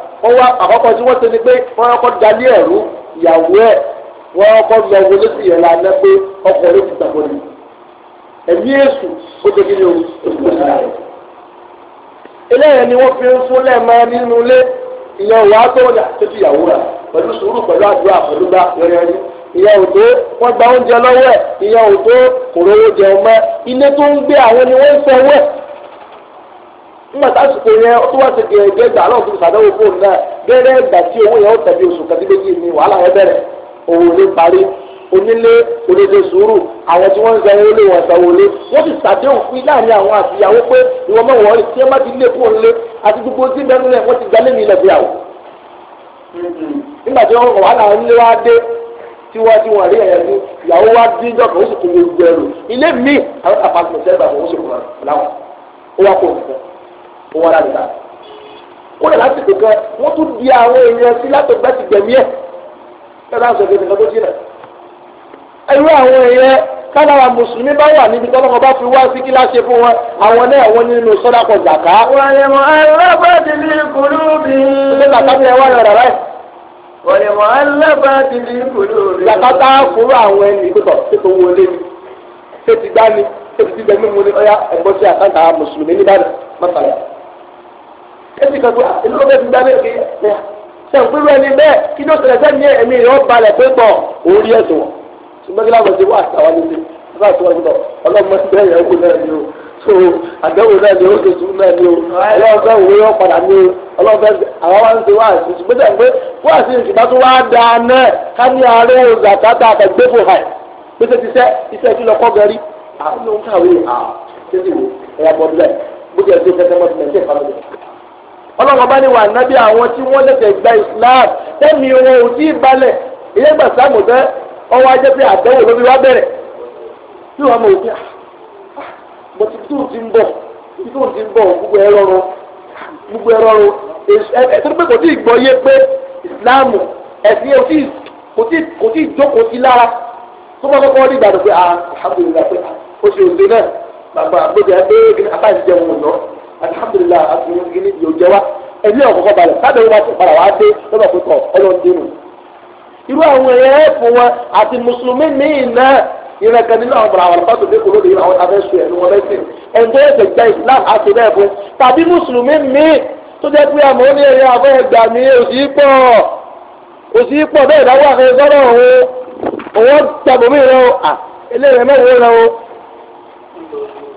wọ́n wá àkọ́kọ́ tí wọ́n ṣe ni pé wọ́n kọ́ dalí ẹ̀rú ìyàwó ẹ̀ wọ́n kọ́ lọ wọlé sí ìyẹn lánà pé ọkùnrin ti gbàgbọ́ ni ẹ̀mí èṣù ó ti kí ni o èṣù ti rà rẹ̀. eléyìí ni wọ́n fi ń fún lẹ́ẹ̀mọ́ nínú ilé ìyẹn wàá tó wọn tó ti ìyàwó rà pẹ̀lú sùúrù pẹ̀lú àdúrà pẹ̀lú gbà wẹ́rẹ́rẹ́ ìyẹn ò tó wọ́n gba oúnjẹ lọ́wọ́ ẹ̀ ìyẹn ò tó kòrò oúnjẹ ọmọ ilé tó ń gbé àwọn ni wọ́n ń sanwó ẹ̀ nígbàtà sùkò yẹn ó tó wá sí gẹ̀ẹ́gẹ́ gbà lọ́wọ́ fún ìsàdáwò fóònù náà gẹ́gẹ́ ìgbà tí owó yẹn ó tẹ̀lé oṣù kan níbẹ̀ ni wàhálà yẹn bẹ̀rẹ̀ òwò lè parí onílé onílé sùúrù àwọn tí ole ń sanwó lé wọ́n sanwó lé wọ́n sì fún ilé àní àwọn àtìyàwó pé ìwọ mọ̀ wọ́n má ti lé kúrò nílé àti gbogbo tí bẹ́ẹ̀ nílẹ̀ wọ́n ti gba lé mi lọ fìyàwó. nígbà tí wàhálà wa dé tí ti ó wá láti ta kódà lásìkò kan wọ́n tún di àwọn èèyàn sí látọ̀gbà ti àwọn èèyàn kálára mùsùlùmí bá wà níbi tọ́lọ́mọ bá fi wá sí kí fún wọn àwọn náà nínú ṣé ti ẹ wá yọ̀rọ̀ rẹ̀? wàlẹ̀mọ̀ alábàtì ní kùlùbí. tá a àwọn ẹni ẹbí kan gbé ẹni ló fẹ́ fi gbá bẹ́ẹ̀ kí ẹ sẹ̀ǹpẹ́rù ẹni bẹ́ẹ̀ kí ló ṣẹlẹ̀ sẹ́ni ẹ̀mí rẹ̀ ó balẹ̀ pé tọ̀ òun rí ẹ̀sùn wọn ṣùgbọ́n kí láwọn ṣe wá àtàwọn ẹni bá tó wọn lọ ọlọ́mọ ti bẹ́ẹ̀ yẹn kú náà ni o so àdéhùn náà ni o ṣe sùn náà o ọlọ́fẹ́ òwe yóò o ọlọ́fẹ́ àwọn wá ń ṣe wá àṣì ṣùgbọ́n sẹ́ǹpẹ́ wá àṣì ìṣùgbọ́n tó wá da náà ká ní ààrẹ òzàkátà àtẹ̀gbẹ́fò hàn pèsè ti sẹ́ iṣẹ́ kí lọ kọ́ gẹ̀rí àwọn ohun kàwé à ṣé ti wò ọlọ́run bá ní wà nábì àwọn tí wọ́n lẹ́sẹ̀ gba islam tẹ́mi wọn ò tí ì balẹ̀ ilé ìgbà sáàmù fẹ́ ọwọ́ ajé pé lóbi wá bẹ̀rẹ̀ tí wọ́n mọ̀ òkè ah, ah, ti ń bọ̀ ti ń bọ̀ gbogbo gbogbo ẹ̀sìn pé kò tí ì gbọ́ yé pé islam ẹ̀sìn kò tí ì jókòó sí lára tó bá kọ́kọ́ rí ìgbàdùn pé ah, alihamudulilayi atunyi gini yóò jẹ wa ẹni ọkọkọ balẹ̀ sábẹ wa ti padà wá dé lọba pé kọ ọlọdínù irú àwọn ẹyẹ ẹfọ wọn àti mùsùlùmí míì náà ìrẹ̀kẹ́ nínú àwọn ọmọ àwọn àlùfáàtò ní kòló nìyí àwọn abẹ́sù ẹ̀ ní wọn bẹ́ẹ̀ sìn ẹ̀ńdẹ́ ẹ̀sẹ̀ jẹ́ islam àti bẹ́ẹ̀ fún tàbí mùsùlùmí míì tó jẹ́ pé àmọ́ ní ẹ̀yẹ àbọ̀ ẹ̀gbà mi òsì pọ̀ òsì pọ̀ bẹ́ẹ̀ dáwọ́ àfẹ́ sọ́dọ̀ òun òun tàbí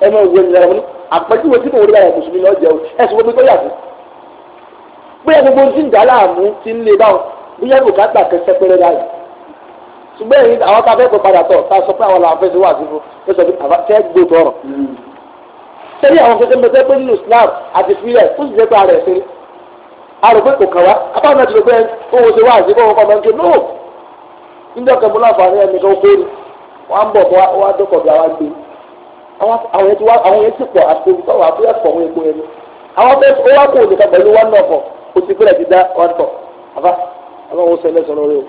ẹ máa wo ẹnìyàrá wọn àpẹjúwe tí mo rí ara mùsùlùmí lọ jẹ o ẹsùn wọn mi tó yàtọ̀ bóyá gbogbo ti ń dà láàmú ti ń le báwọn bóyá bùkátà kẹsẹ péré láyé ṣùgbọ́n èyí àwọn tá a fẹ́ gbé padà tọ̀ tá a sọ pé àwọn làwọn fẹ́ ṣe wà sífún ó sọ pé àbá tẹ́ gbó tọrọ tẹ́lẹ̀ àwọn kẹsẹ́ mẹ́tẹ́ pé nínú Islam àti fílẹ̀ ó sì jẹ́ pé ara ẹ̀ ṣeré àrò pé kò kàn wá apá náà ti rò pé òun ṣe wá àti bọ́wọ́ kọ́ máa ń ké nóò níjọ́ àwọn yẹn ti wá àwọn yẹn ti pọ̀ àti sọ̀rọ̀ àbúyẹ̀ pọ̀ wọn epo yẹn ni àwọn bẹ́ẹ̀ ó wá kó nìkan pẹ̀lú one náà pọ̀ ó ti gbẹ́rẹ̀ ti dá one tọ̀ àbá ọlọ́run sọ ẹlẹ́sọ̀ lórí o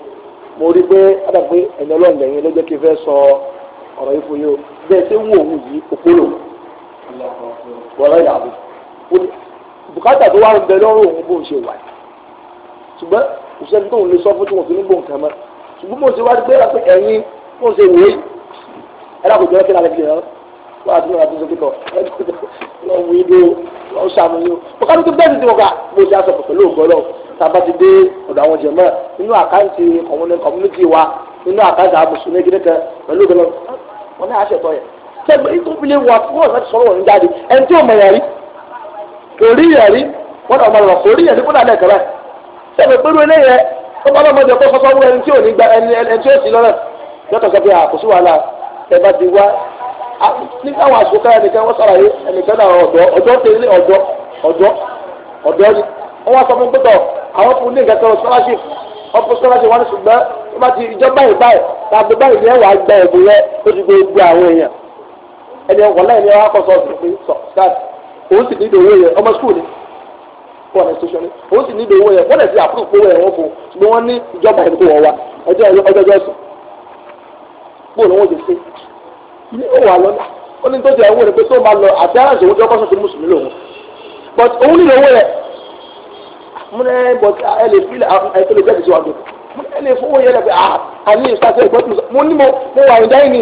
mo rí pé adàgbé ẹ̀yìn ọlọ́run lẹ́yìn ló jẹ́ kí n fẹ́ sọ ọ̀rọ̀ yìí fún yìí o bẹ́ẹ̀ ṣé wù òun yìí òpólò wọ̀rọ̀ ìyàwó bùkátà tó wà ń bẹ lọ́rùn òun bó ń ṣe wà ṣùgbọ́n òṣèlú tóun lè sọ fún tóun fi ní gbòǹkan mọ́ ṣùgbọ́n mo ṣe wá gbé ẹ̀yìn wọ́n àti wọ́n àti sọ pípọ̀ wọ́n wù í dé wọ́n sàmù yìí o kàdé tó bẹ́ẹ̀ ti wọ́n ká bó ṣe àṣọ pẹ̀lú ògbọ́lọ́ tàbá ti dé ọ̀dọ̀ àwọn jẹ̀mọ́ nínú àkáǹtì community wa nínú àkáǹtì àbùsùn méjì nìkan pẹ̀lú ògbọ́lọ́ wọn náà àṣẹ tọ́ yẹn sẹgbẹ ìtòbílẹ̀ wà fún ọ̀sán sọ̀rọ̀ wọn jáde ẹni tí ò mọ̀ yàrí torí yàrí wọn náà máa lọ ní gba ẹni tí ó sì lọ́rẹ̀ yọtọ̀ sọ pé àkóso wàhálà ẹ bá ti wá Ah, nígbà a àṣokà ẹnìkan wọ́n ṣàlàyé ẹnìkan náà ọ̀dọ́ ọ̀dọ́ tẹ ilé ọ̀dọ́ ọ̀dọ́ ọ̀dọ́ ni wọ́n wá sọ fún gbọ́dọ̀ àwọn fún ní ìgbàkan scholarship wọ́n fún scholarship wọ́n ní ṣùgbọ́n wọ́n bá ti ìjọ báyìí báyìí tàbí báyìí ni ẹ̀wà gba ẹ̀bùn rẹ lójú gbogbo àwọn èèyàn ẹni ọkọ̀ láì ní ọwọ́ akọ̀sọ̀ ọ̀sìn sọ start òun sì nílò owó ọmọ ni fún ọ̀nà ni òun sì nílò owó ní ó wà lọ́la ó ní tó jẹ́ owó rẹ̀ pé tó máa lọ àdáhà ìṣòwò tó kọ́sọ̀ tó mùsùlùmí lòun but òun nílò owó rẹ̀ mo ní eh, but ah, ẹ lè fi ah, ẹ tó lè jẹ́ ìṣòwò àjò mo ní ẹ lè fowó yẹn lẹ́pẹ́ à ah, á ní ìṣàṣẹ ìgbọ́tù mo ní mo mo wà ní dáìní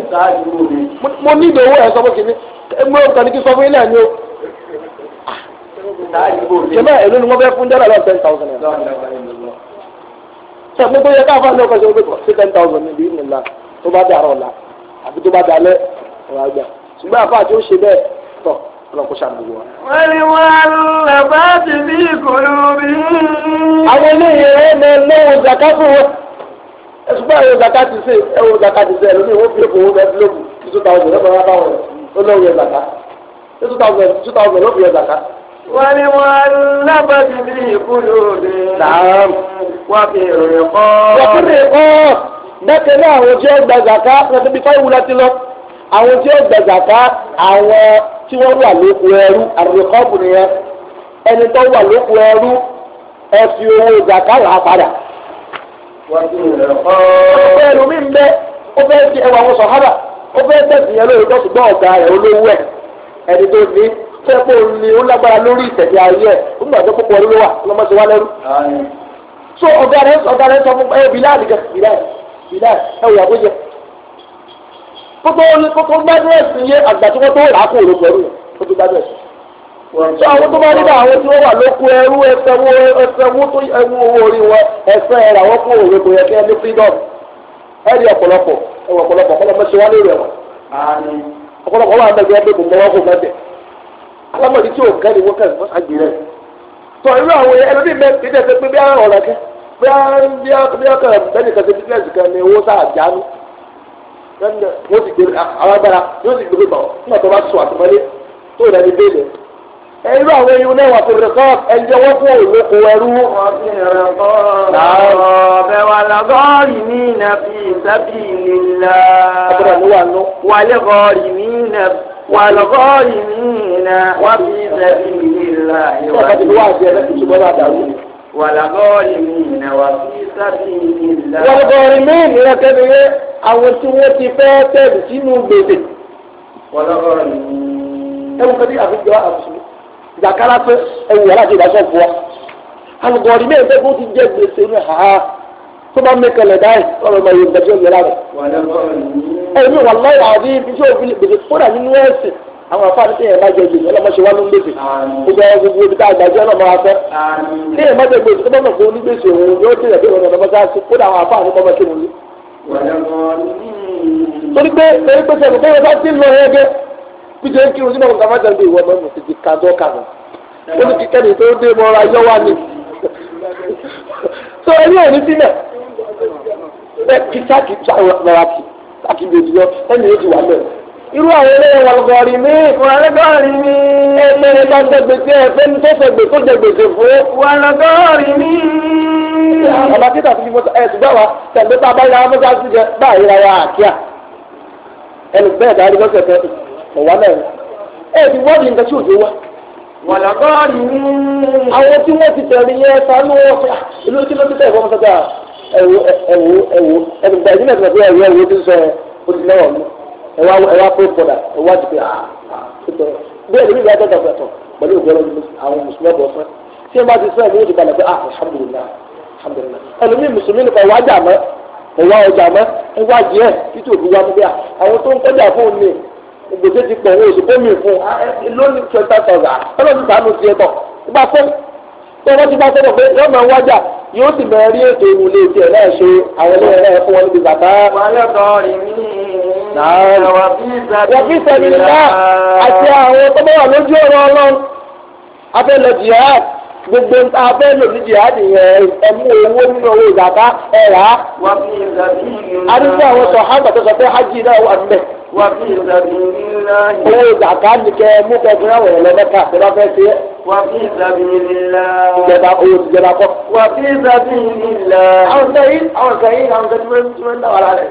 mo nílò owó rẹ̀ sọ fún kìíní mo kàn ní kí sọ fún ilé ẹni o jẹ́mẹ́ èlò ni wọ́n fẹ́ fún dọ́là lọ́wọ́ ten thousand naira sọ pé tó yẹ káfá lọ́kọ̀ ṣe wọ́n fẹ́ ten thousand níbi ìnìlá tó bá dàrọ̀ ọ̀la àbí tó bá dalẹ́ ọ̀rọ̀ àgbà ṣùgbọ́n àfa àti ó ṣe bẹ́ẹ̀ tọ̀ ọlọ́kọ̀ ṣàgbọ̀wọ́. wọ́n ní wọ́n lọ bá ti bí ìkòló bí. àwọn eléyìí ẹ máa lọ́wọ́ zaka fún wọn. ẹ ṣùgbọ́n àwọn zaka ti ṣe ẹ wo zaka ti ṣe ẹ lómi wọ́n fi èkó wọn bẹ́ẹ̀ lóbi two thousand ẹ máa wá bá wọn zaka two thousand two thousand ló fi lọ àwọn tí ó gba àwọn tí wọ́n wà lóko ẹrú àrùkọ́bù nìyẹn ẹni tó wà lóko ẹrú padà. ẹrù mi ń bẹ ó fẹ́ di ẹwà àwọn sọ̀hábà ó fẹ́ tẹ̀sí yẹn lórí tọ́sùgbọ́n ọ̀gá rẹ̀ olówó ẹ̀ ẹni tó ní sẹ́pọ̀ ni ó lágbára lórí ìtẹ̀sí ayé ẹ̀ ó gbà tó púpọ̀ olówó wa lọ́mọ lẹ́rú. so kótó kótó gbádùn ẹ̀sìn yé àgbà tí tó bá rí àwọn tí wọ́n wà lóko ẹrú ẹsẹ̀wó tó ẹwú owó orí wọn ẹsẹ̀ ẹ̀rà wọ́n kó òwe kò yẹ kí freedom. Ẹ ọ̀pọ̀lọpọ̀ ẹwọ̀ ọ̀pọ̀lọpọ̀ ọ̀pọ̀lọpọ̀ ṣe wá lórí ẹ̀wọ̀n. Ọ̀pọ̀lọpọ̀ wà ẹgbẹ́ kò mọ́wọ́ kò mẹ́jẹ. Alámọ̀dé tí ò lẹ́nu wọ́n ti gbé àwọn agbára yóò ti gbé bọ̀ nígbà tó bá sọ àtìmọ́lé tó rẹ̀ ní bẹ́ẹ̀lẹ̀. irú àwọn eyín náà wà fèrè kọ́ ẹ̀jẹ̀ wọ́n fún òlòkò ló wà nù. wà lọ́gọ́rì wà bí sábì nílá. ṣé wàlàbọ́ọ̀lì mi ìnáwó sí sábìlì ńlá. wàlàbọ́ọ̀lì mi ìnira kẹ́mi yé àwọn tí wọ́n ti fẹ́ tẹ̀lé sínú gbèdè. wàlàbọ́ọ̀lì mi. ẹ̀wù kan ní àfihàn àbùsùn ìdàkárà ti dàsọ̀ fún wa. àlùbọ̀ọ̀lì mi ìfẹ́ kó ti jẹ́ gbèsè tí ó yẹra rẹ̀. wàlàbọ́ọ̀lì mi. ẹ̀mí àwọn àfáàní tí èèyàn bá jẹ gbèsè ọlọmọṣẹ wà ló ń gbèsè gbogbo ẹ gbogbo ibi tá a gbàjẹ ọlọmọ wa fẹ tí èèyàn jẹ gbèsè tó bá mọ̀ fún onígbèsè òun yóò tẹ̀lé pé òun ọ̀nàmọ́ sáà sí kódà àwọn àfáàní kọ́ mọ́ kí wọ́n ní. torí pé torí pé sẹ́nu bẹ́ẹ̀ bá ti ń lọ ẹgbẹ́ pété kí wọ́n sí bàbá kàmá jẹun bí ìwọ mọ̀ mọ̀ ti kàdọ́ kàmọ́ ó ní kíkẹ́ni tó dé mọ́ra yọ wá ni. sọ ẹni òní sílẹ̀ ẹ kìtàkìtà rà irú àwọn eléyìí wọn gọ̀ọ̀rì mí. wọn gọ̀ọ̀rì mí. ẹgbẹ́ni bá dẹ́gbèsè ẹgbẹ́ ní tó fẹ̀gbẹ́ tó dẹ́gbèsè fún. wọn gọ̀ọ̀rì mí. ọba títà fi mọ́tò ẹ̀ ṣùgbọ́n wa tẹ̀lé tá a bá yára mọ́tò àti jẹ àkíyà. ẹnì bẹ́ẹ̀ dárí fẹ́ náà ti wọ́ọ̀dì nǹkan tí òjò wa. wọn mí. àwọn tí wọ́n ti tẹ̀ ẹ wá ẹ wá pé fọdà ẹ wá dìbò àà ah, ah, bẹ́ẹ̀ ni nígbà gbàgbà gbàtọ̀ pẹ̀lú ìgbọ́lọ́ àwọn mùsùlùmí ọ̀bọ̀ fún ẹ tí ẹ bá ti sọ ẹ̀ lóòdì balẹ̀ pé ah alhamdulillah alhamdulillah ẹlòmíì mùsùlùmí nìkan wá jà mọ́ ẹ wá ọjà mọ́ ẹ wá jẹ́ títí òbí wa mú bí i ah, àwọn tó ń kọjá fún mi gbèsè ti pọ̀ oṣù fún mi fún lónìí twenty thousand ọlọ́run sànù tiẹ̀ tọ̀ ìgbà fún tó wọ́n ti bá sọ́dọ̀ pé yọ́ọ̀ máa ń wájà yóò sì máa rí ètò ìmùlẹ̀ tiẹ̀ náà ṣe àwọn ẹlẹ́yìn náà fún wọn níbi bàbá. wàá yọ̀ kọ́ rí mi wọ́pí sẹ́mìnà àti àwọn tó bá wà lójú ọ̀rọ̀ ọlọ́run abẹ́lẹ̀ jihad gbogbo abẹ́lẹ̀ ní jihad yẹn ẹ̀mú owó nínú owó ìdàbá ẹ̀rá. arúgbó àwọn sọ̀hábà tó sọ pé hajj náà wà níbẹ̀. owó ìdàbá ni kẹ́ mú kẹ́kẹ́ àwọn ẹ̀rọ mẹ́ta tó bá fẹ́ ṣe é. wàbí ìsàbìlélá. ìjọba owó ìjọba kọ. wàbí ìsàbìlélá. àwọn sẹ́yìn àwọn sẹ́yìn àwọn sẹ́yìn tí wọ́n ń dáwọ́ ara rẹ̀.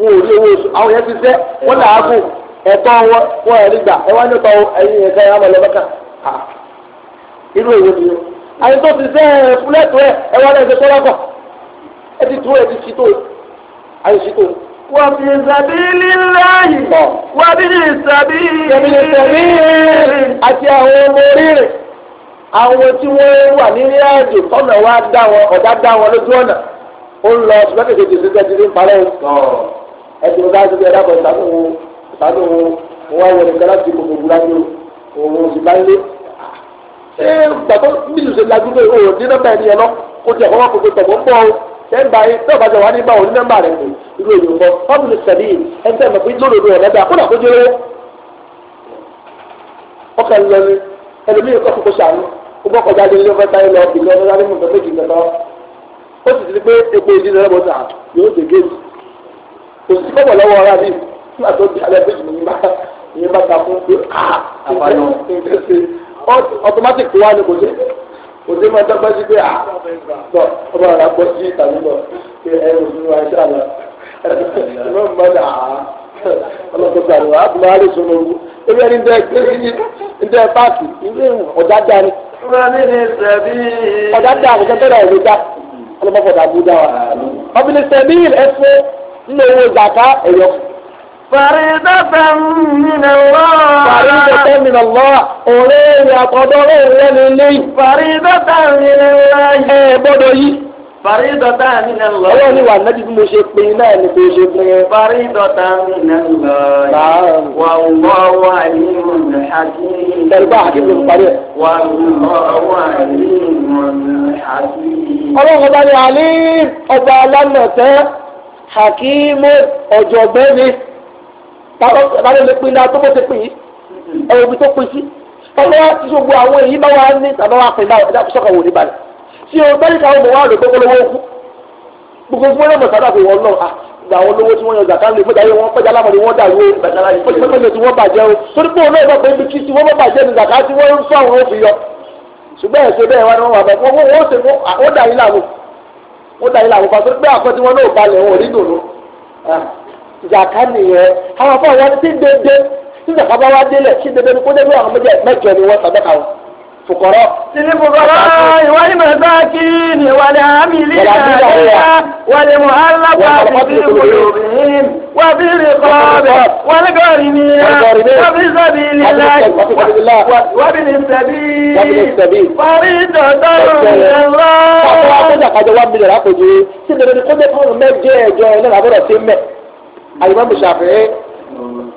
wọn orí rí owó oṣù àwọn yẹn ti sẹ́ wọ́n làágùn ẹ̀tọ́ wọn wọn ẹ̀rí gbà ẹ wá nípa ẹ̀yìn ẹ̀ka ẹ̀ amọ̀lẹ́ mẹ́ka irú èwo ni o àyè tó ti sẹ́ ẹ̀ fúlẹ̀tọ̀ ẹ̀ ẹ wá lẹ́sẹ̀ tó ẹ ti wà á fi ìsàbí yìí bọ̀ wà á fi ìsàbí àti àwọn ọmọ àwọn tí wa dá wọn ọ̀dá dá wọn lójú ọ̀nà ó ń lọ ṣùgbọ́n kèké ẹtù bá ti ẹ̀dá bọ̀ sànú wo sànú wo wọn wọ nìkan láti kò gbogbo láti òun sì bá lé ṣé gbàgbọ́ mílíọ̀nù ṣe lajú pé òun ní nọ́mbà ẹni ẹlọ kó tiẹ̀ fọwọ́ kókó tọ̀gbọ́ ń bọ̀ o tẹ́ǹbà yìí tẹ́ǹbà bá jọ wá nígbà òun ní nọ́mbà rẹ̀ nù irú èyí ń bọ̀ fọ́ọ̀mù sẹ̀lí ẹ̀ ń tẹ̀ mọ̀ pé lódodo ọ̀rẹ́ bẹ́ẹ̀ kódà kó jẹ́ owó ọkọ̀ ń lọ ní ẹlòmíì kọ́ kókó ṣàánú ó bọ́ kọjá lé lọ́fẹ́ táyé lọ bìlọ́ lọ́dá nínú ìfẹ́ méjì nìkan ó sì ti di pé epo ìdí lọ́dọ̀ bọ́ta yóò dé géètì kò sí kọ́bọ̀ lọ́wọ́ ọ̀rá mi nígbà tó di alẹ́ bíjì ní bá ní bá ta fún pé ah, àbáyọ nǹkan ṣe automatic wa ni kò dé kò dé máa dọ́gba sí pé à ah, tọ ọba ọ̀rá gbọ́ sí ìtàgé lọ pé ẹ ò ní wa ṣe àlọ́ ìmọ̀ mọ́ ní àá ọlọ́dún gbà wọ́n àbúrò àlè sọ̀rọ̀ owó ebi ẹni ndẹ gbèsè ndẹ páàkì ilé ọ̀dá dání. ọ̀dá dání kẹ́kẹ́ rẹ̀ ló dá ọlọ́mọ fọ̀dà bú dá wa. ọ̀bìnrin sẹ̀bíìl ẹ̀fọ́ nínú owó zaka ẹ̀yọ. Fàrídàtà mìnà lọ́. Fàrídàtà mìnà lọ́. Òré ìrìn àkọ́dọ́ òun lẹ́nu ilé. Fàrídàtà mìnà lọ́. Ẹ gbọ́dọ̀ yí. Fàrídàtà mìnà lọ́. Ọlọ́run ni wà nábì bí mo ṣe pin náà ni kò ṣe pin. Fàrídàtà mìnà lọ́. Wà wọ́ wà ní ìmọ̀nà àkíyèsí. Tẹ̀lifá àkíyèsí ló parí ẹ̀. Wà wọ́ wà ní ìmọ̀nà àkíyèsí. Ọlọ́run ọba ni àlè ọba alánà tẹ́ hakimu ọ̀jọ̀gbọ́n ni báwo lè pinna tó bó ṣe pin yìí ẹ̀rọ ibi tó pin sí ọlọ́wọ́ ti ṣògbọ́n àwọn èyí bá wà ní tàbá wà pinna ẹ̀dá kò sọ́kà wò ní balẹ̀ tí o bẹ́ẹ̀ ká ọmọ wa lò tó kọ́lọ́wọ́ kú gbogbo fún ọlọ́mọ sábà fi wọ́n lọ gba àwọn olówó tí wọ́n yan zaka lè fẹ́jà yé wọn fẹ́jà lámọ̀ ni wọ́n dà yé pẹ̀lú tí wọ́n bàjẹ́ o torí pé olóògbé bá pé kí tí wọ́n bá bàjẹ́ ni zaka tí wọ́n ń fún àwọn òfin yọ ṣùgbọ́n ẹ̀ṣẹ̀ bẹ́ẹ̀ wá ni ó dà làwọn kan tó gbé àpò tí wọn náà balẹ̀ wọn ò rí dòdò ìjàká nìyẹn àwọn afọ àwọn ẹni dédé tí ìjàká bá délẹ̀ tí dédé ni kó dédé àwọn méjì ni wọ́n sàbẹ́ka wọn. فقراء للفقراء والمساكين والعاملين عليها والمؤلفات في قلوبهم وفي الرقاب والغارمين وفي سبيل الله وابن السبيل فريضة من الله. Ṣé ìdẹ̀rẹ̀ ni kó mẹ́kọ̀ọ́ mẹ́jẹ̀ẹ́jọ ẹ̀ náà àbúrò sí mẹ́? Àyùmọ́ mi ṣàfihàn.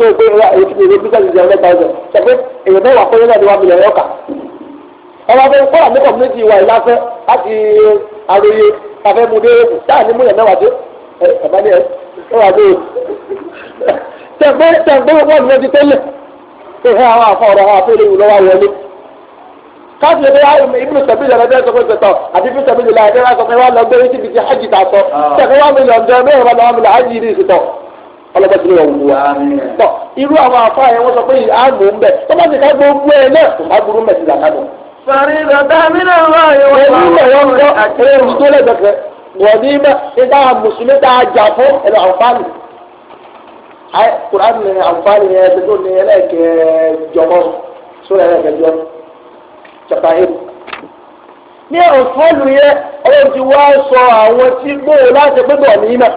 so pé èrè bí sẹ́yìn jẹ́ hundred thousand sọ pé èrè mẹ́wàá fẹ́rẹ́ náà ni wàá mílíọ̀nù ọkà ọba fẹ́ kọ́ra ní community wa ìlàfẹ́ láti àròyé kàfẹ́ mu dé èkó táà ní múlẹ̀ mẹ́wàá dé ẹ ẹ bá ní ẹ ẹ wà dé tẹ̀gbẹ́ tẹ̀gbẹ́ wọn ni ẹ ti tẹ́lẹ̀ pé ẹ àwọn afọ ọ̀rọ̀ àwọn afẹ́lẹ́ ìlú lọ́wọ́ wọlé káàtì lè bá ibùdó sẹ̀bílì ẹ̀rọ bẹ́ẹ̀ sọ́kọ́ ìṣẹ̀tọ̀ àti ibùdó sẹ̀bílì ẹ̀rọ bẹ́ẹ̀ sọ́kọ́ ìṣẹ̀tọ̀ àti ibùdó sẹ̀bílì ẹ̀rọ bẹ́ẹ̀ sọ́kọ́ ìṣẹ̀tọ̀ àti ibùdó sẹ̀bílì ẹ̀rọ bẹ́ẹ̀ sọ́kọ́ ìṣẹ̀tọ̀ àti ibùdó sẹ̀bílì ẹ̀rọ bẹ́ẹ̀ sọ́kọ́ ìṣẹ̀tọ̀ àti ibùdó sẹ̀bílì ẹ̀rọ bẹ́ẹ̀ sọ́kọ́ ìṣẹ̀tọ̀ àti ibùdó sẹ̀bílì ẹ̀rọ bẹ́ẹ̀ sọ́kọ́ ìṣẹ̀tọ̀ àti ibùdó sẹ̀bílì ẹ̀rọ bẹ́ẹ̀ sọ́kọ́ ìṣẹ̀tọ̀ àti ibùdó sẹ̀bílì ẹ̀rọ bẹ́ẹ̀ sọ́kọ́ ìṣẹ̀tọ̀ àti ibùdó sẹ̀bílì ẹ̀rọ bẹ́ẹ̀ sọ́kọ́ ìṣẹ̀tọ̀ àti ibùdó sẹ̀bílì ẹ̀rọ bẹ́ẹ̀ sọ́kọ́ ìṣẹ̀tọ̀ àti ibùdó sẹ̀bílì ẹ̀rọ bẹ́ẹ̀ sọ́kọ́ ìṣẹ̀tọ̀ àti ibùdó sẹ̀bílì ẹ̀rọ bẹ́ẹ̀ sọ́kọ́ ìṣẹ̀tọ̀ àti ibùdó sẹ̀bílì ẹ̀rọ bẹ́ẹ̀ sọ́kọ́ ìṣẹ̀tọ̀ ọlọ́pàá ti lè wù wá. tọ irú àwọn afọ àyẹn wọn sọ pé àánú ń bẹ tó bá ti ká gbogbo ẹ náà kò bá burú mẹ ti là kánú. sàrí ìdàdá mi náà wà yóò wá àwọn ọmọ àti ẹrù tó lẹ́gbẹ̀ẹ́ wọ̀ ní bẹ́ẹ̀ nígbà mùsùlùmí tá a jà fún ẹ̀rọ àǹfààní ayi Qur'an ni anfani ni ẹdodo ni ẹlẹ́kẹ̀ jọmọ sura ẹlẹ́kẹ̀ jọ chapter eight. ní ọ̀fọ́lù yẹ ọlọ́run ti wá sọ àwọn tí gbòòrò láti gbẹ́bọ̀ ní iná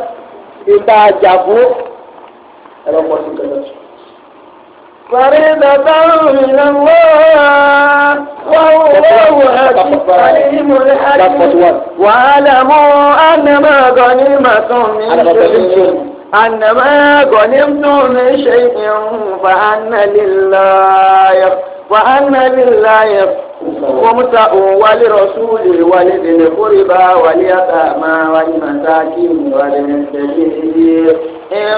ìgbà àjàbó ẹ̀rọ pọ̀ sí kẹlẹ́ sùn. فريضة من الله وهو عليم الحكيم واعلموا أنما غنيمة من شيء أنما غنمتم من شيء فأن لله وأن لله خمسا ولرسوله ولذي القربى واليتامى والمساكين وابن السبيل إن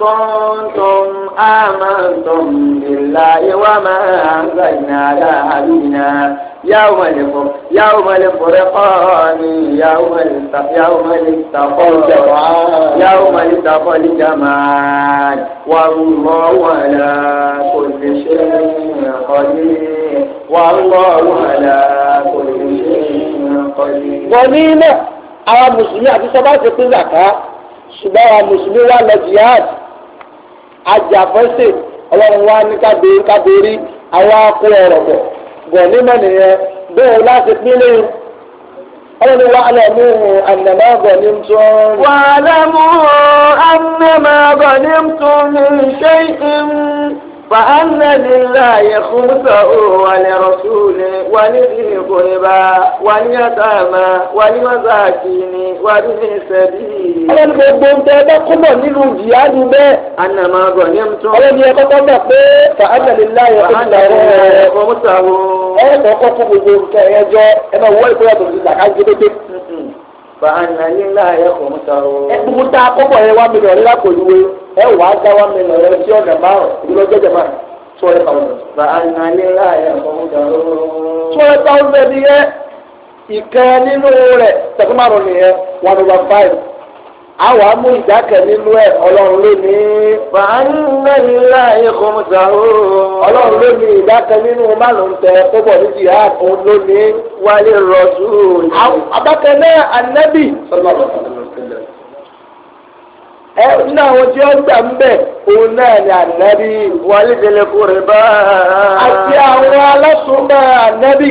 كنتم آمنتم بالله وما أنزلنا على عبدنا يوم الفرق يوم الفرقان يوم التق يوم التقى يوم التقى الجمعان والله على كل شيء قدير قدير والله على كل شيء قدير gọ̀nìmọ̀ àwọn mùsùlùmí àti sọ́ba ti pín zàká ṣùgbọ́n àwọn mùsùlùmí wà lọ jihad ajàfẹ́sẹ̀ ọlọ́run wa ní kábíyé kábíyé àwọn akó ọ̀rọ̀ bọ̀ gọ̀nìmọ̀ nìyẹn bẹ́ẹ̀ láti pín lẹ́yìn ọlọ́run wa alẹ́mú ànàmá gọ̀nìm tó ń. wà á lẹ́mú ànàmá gọ̀nìm tó ń ṣe é. فأن لله خمسه ولرسوله ولذي القربى واليتامى والمساكين وابن السبيل. ọlọ́ni gbogbo ń bẹ́ẹ̀ bá kúmọ̀ nínú jihadu bẹ́ẹ̀. anamọ gbọ̀nyẹ́ mi tún. ọlọ́ni ẹ kọ́kọ́ gbà pé fàánà líláyà khumsahu. ẹ kọ́kọ́ kó gbogbo nǹkan ẹ jọ ẹ máa wọ́ ìkóyà tó ti dàkà gédégbé. fàánà líláyà khumsahu. ẹ gbogbo tá a kọ́kọ́ yẹn wá mi lọ rí lápò ìwé ẹ wàá dá wá mi lọ sí ọ̀nà márùn ìdúró jẹjẹ máa two hundred thousand. bàánà nílá ẹ̀ fún dàrú. two hundred thousand yẹ ìkan nínú rẹ̀ tẹ̀sí márùn nìyẹn one over five àwọn amú ìdákẹ́ nínú ẹ̀ ọlọ́run ló ní. fàánà ńlá ikọ̀ mùsàlù. ọlọ́run ló ní ìdákẹ́ nínú márùn-ún tẹ kóbọ̀ ní jihad òun ló ní. wálé rọ̀ṣù. abákẹ́ náà ànábì. sọlá na àwọn tí ó gbà ń bẹ̀ òun náà ni ànábì wàlídìlẹ̀ kò rẹ̀ bá. àti àwọn alásùnmọ́ ànábì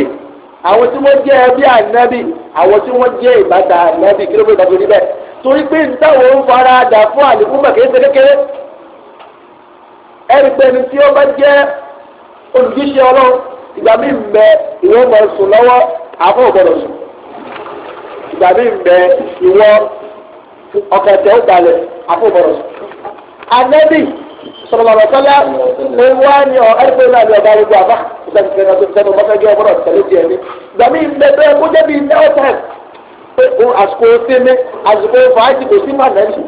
àwọn tí wọ́n jẹ́ ẹbí ànábì àwọn tí wọ́n jẹ́ ìbátan ànábì kí ló níbẹ̀ torí pé ń fara fún àlékún kékeré pẹ̀lú tí ó bá jẹ́ olùdíṣẹ́ ọlọ́run ìgbà ń bẹ ìwọ́n mọ̀ sùn lọ́wọ́ àfọ̀ ọkọ̀ tẹ̀ ó balẹ̀ àfọ̀bọ̀rọ̀. Anẹ́bì sọ̀rọ̀lọ̀sọ́lá ló wá ní ọ ẹgbẹ́ náà ní ọba arúgbó àbá ìgbàgbẹ́ náà tó sẹ́nu mọ́tẹ́gẹ́ ọgbọ́dọ̀ tẹ̀lé tiẹ̀ ní. Gbàmí ìgbẹ́gbẹ́ kó débi náà tẹ̀ pé òun àsìkò sínmi àsìkò fàájì kò sí má nẹ́ẹ̀sì.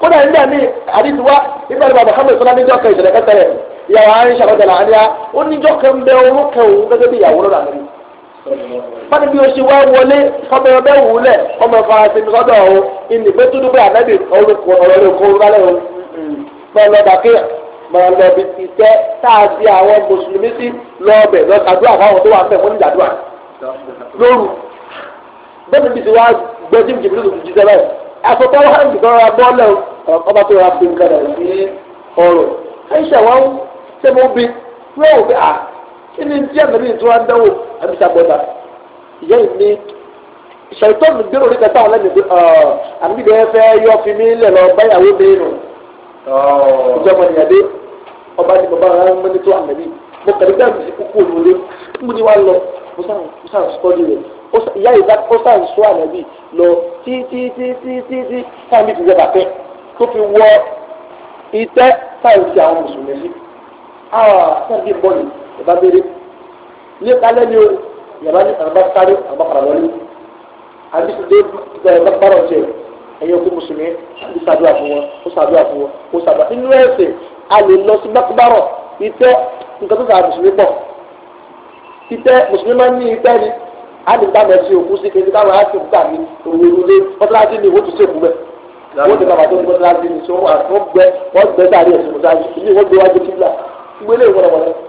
Kódà nígbà míì àdìsí wá nígbà tí bàbá Hamid Sọlá níjọ́ kan ìṣẹ̀lẹ̀ kẹtẹrẹ ìyàwó àárín ṣàkọsẹ̀lẹ̀ àríyá ó níjọ́ kan bẹ orúkẹ òun gẹ́gẹ́ bí ìyàwó lọ́dọ̀ wọ́n ní bí o ṣe wá wọlé ọmọ ọbẹ̀ wúlẹ̀ ọmọ faransé mi sọ́dọ̀ o ìní pé túndú bẹ́ẹ̀ ànábì ọ̀rọ̀ ọ̀rọ̀ ìkọrọ̀lẹ́ o máa lọ bàkẹ́ máa lọ bí ìtẹ́ tá a di àwọn mùsùlùmí sí lọ́ọ̀bẹ̀ lọ́sàdúrà fáwọn tó wà mẹ́ wọ́n ní ìdàdúrà lóru bẹ́ẹ̀ bí ti wá gbẹ́jú jìbìlì tó jíjẹ báyìí aṣọ tó wà ní ìgbọ́ra bọ́ọ̀lẹ̀ ọba tó rà pé nǹkan rẹ̀ sí ọrọ̀ ẹni tí ànábì tó wá ń dáwò àbísà bọ́dà ìyá yìí ní ìṣàìtọ́ mi gbé orí kẹta ọ̀lẹ́ mi ọ̀ àbí bẹ́ẹ̀ fẹ́ yọ fi mí lẹ̀ lọ báyàwó mi nù ìjọba ìyàdé ọba ní bàbá rẹ mẹ́ni tó ànábì mo kẹ̀lé bẹ́ẹ̀ mi sí kúkú òlùlé mo ní wá lọ mo sàn sọ́ọ́dì rẹ̀ ìyá yìí ó sàn sọ́ ànábì lọ tí tí tí tí tí tí sáàmì ti jẹba fẹ́ tó fi wọ itẹ́ sáàmì ti àwọn mùsùlùmí sí. ah sáàmì bọ́ọ̀lù bàbá béèrè ní kálẹ̀ ni o yàrá ní àbá sáré àbá fara wọlé àbí ti dé bàbá bàrà ọ̀jẹ̀ ẹ̀yẹ kó mùsùlùmí àbí sàdúrà fún wọn kó sàdúrà fún wọn kó sàdúrà inú ẹ̀sẹ̀ a lè lọ sí bàkúbárọ̀ ìtẹ́ nǹkan tó sàrà mùsùlùmí pọ̀ ìtẹ́ mùsùlùmí máa ń ní ìtẹ́ ni a lè gbà mẹ́sì òkú sí kejì táwọn á ti gbà ní òwe ìrúlé mọ́tíláṣí ni ìwé tó ṣèkú bẹ́ẹ̀ wọ́n ti bàbá tó ń mọ́tíláṣí ni wọ́n gbẹ wọ́n gbẹ sáré ẹ̀sìn mọ́tíláṣí ni wọ́n gbé wájú kíbla gbélé ìwọ́n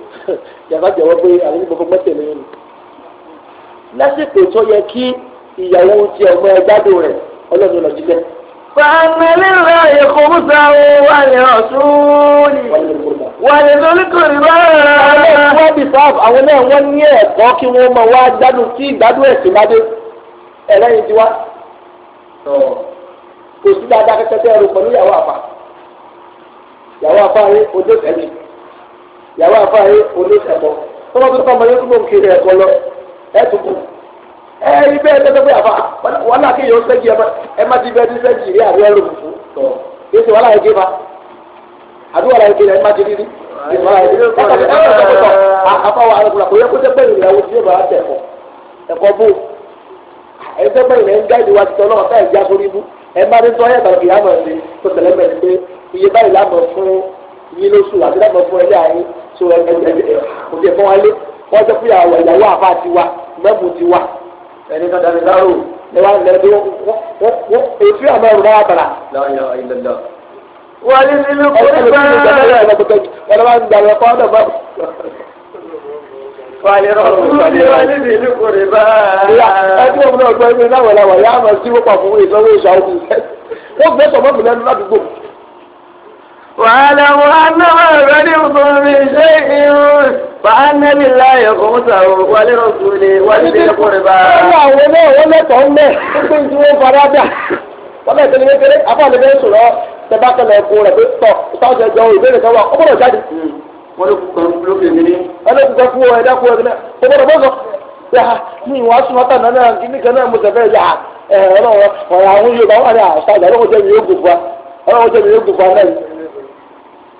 yàrá jẹ́wọ́ pé àwọn onígbàgbọ́ mẹ́tẹ̀lẹ́ yẹn ni. lásìkò tó yẹ kí ìyàwó ti ọmọ ẹgbádùn rẹ̀ ọlọ́run lọ jíjẹ́. fàmìlìlà ìkùnsà wà ní ọ̀túnì wà ní lóríkùnrin báyà. àwọn ọmọ bí sáf àwọn náà wọ́n ní ẹ̀kọ́ kí wọ́n máa wá gbádùn tí ìgbádùn ẹ̀sìn bá dé ẹlẹ́yin ti wá kò sí dáadáa kẹ́kẹ́ tẹ́ ẹrù pẹ̀lú ìyàwó àpá ìyàwó àpá rẹ̀ ojú ẹ̀mí ìyàwó àfáàyè oníṣẹ̀kọ́ tọ́wọ́ tó tọ́ ọmọ yẹn kúrò kiri ẹ̀kọ́ lọ ẹ̀tù ẹ̀ ibẹ̀ ẹ̀dẹ́gbẹ́ pé àfa wọn náà kéèyàn sẹ́jì ẹ má ti bẹ́ẹ̀ ní sẹ́jì rí àrí ẹ̀rọ mùsù tọ̀ yéṣu wọn láyé àbí yín lóṣù àti láti mọ fún ẹgbẹ́ àyín so òde wa lé wọ́n sọ fún ìyàwó ìyàwó àfa ti wa mẹ́bù ti wa ẹni tó dání dáró lẹ́wà lẹ́dọ́ èéfì àmọ́ ẹ̀rù náà bàrà. wọ́n ní nínú kúrẹ́ bá. Ẹjọ́ òun náà gbọ́ ẹgbẹ́ náà wọ̀lá wọ̀ yá àmọ́ sí wọ́pọ̀ fún ìsanwó ìṣàwọ́ fún ìṣẹ́. Wọ́n gbé sọ̀mọ́bù lẹ́nu ládùúgbò. واعلموا أنما غنمتم من شيء فأن لله خمسه ولرسوله ولذي القربى. Ọlọ́run àwọn náà wọ́n mẹ́tọ̀ọ́ mẹ́ pípé ìdúró faradà. Wọ́n mẹ́tọ̀ọ́ ní kékeré, àbá àlẹ́ bẹ́ẹ̀ sọ̀rọ̀ tẹ̀bá kẹlẹ̀ ẹ̀kú rẹ̀ pé tọ̀ táwọn ẹ̀jọ̀ ìbéèrè kan wà, ó gbọ́dọ̀ jáde. Wọ́n ló kúkọ lókè nílé. Ọlọ́run kan fún ẹ̀dá fún ẹ̀gbẹ́ náà, ó gbọ́dọ̀ bọ́sọ̀. Yàrá ní ìwà súnmọ́tà náà ní kan náà mo tẹ̀fẹ́ yà ẹ̀rọ ọ̀rọ̀ àwọn Yorùbá wà ní àṣà ìdálóhùn jẹ́ mi yóò gùn fún wa. Ọlọ́run jẹ́ mi yóò gùn fún wa náà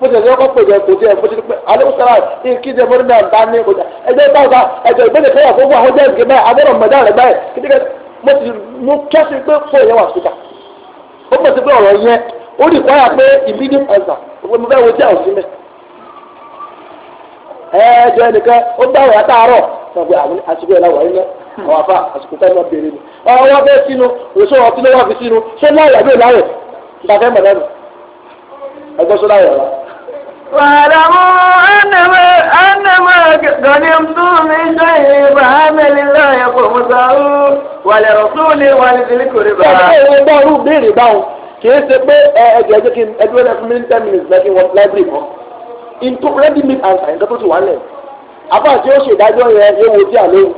bó ti ẹ̀jẹ̀ kọ́ pè jẹ́ kò tí ẹ̀ fojúlù pé alẹ́kùsára kí jẹ́ mọ́rin náà bá ní kọjá ẹ̀jẹ̀ bá ta ẹ̀jẹ̀ ìgbẹ́ni kẹ́yà fún àwọn jẹ́ ìgbẹ́ báyìí agbọ́dọ̀ mọ̀dá rẹ̀ báyìí kí nígbà mo ti mú kẹ́sì pé kó ẹ̀yẹ wà sùkà ó mọ̀ sí pé ọ̀rọ̀ yẹn ó rí ìpáyà pé immediate answer òwe mo fẹ́ wo tí a ò sí mẹ́. ẹ̀ẹ́dẹ̀ nìkan ó gbà wọ̀ látàárọ̀ sọ pé àwọn àṣìkò ẹ̀ láwọ̀ ẹ̀ àwọn afa àsìkò tá ìmọ̀ bèrè ni ọ̀rọ̀ wọn fẹ́ sínú òṣù ọtí ló wà fi sínú ṣé láyà bí ò láyà ìgbà fẹ́ mọ̀ lẹ́nu ẹgbẹ́ sọ láyà wa. واعلموا أنما أنما غنمتم من شيء فأن لله خمسه ولرسوله ولذي القربى. báwo béèrè báwo kì í ṣe pé ẹgbẹ́ ẹjẹ́ kí ẹgbẹ́ ẹjẹ́ fún mi ní ten minutes lẹ́kìn wọ́n láìbírì mọ́ into ready made answer nǹkan tó ti wà lẹ̀ àbá tí ó ṣe ìdájọ́ yẹn yóò wo tí a lóyún.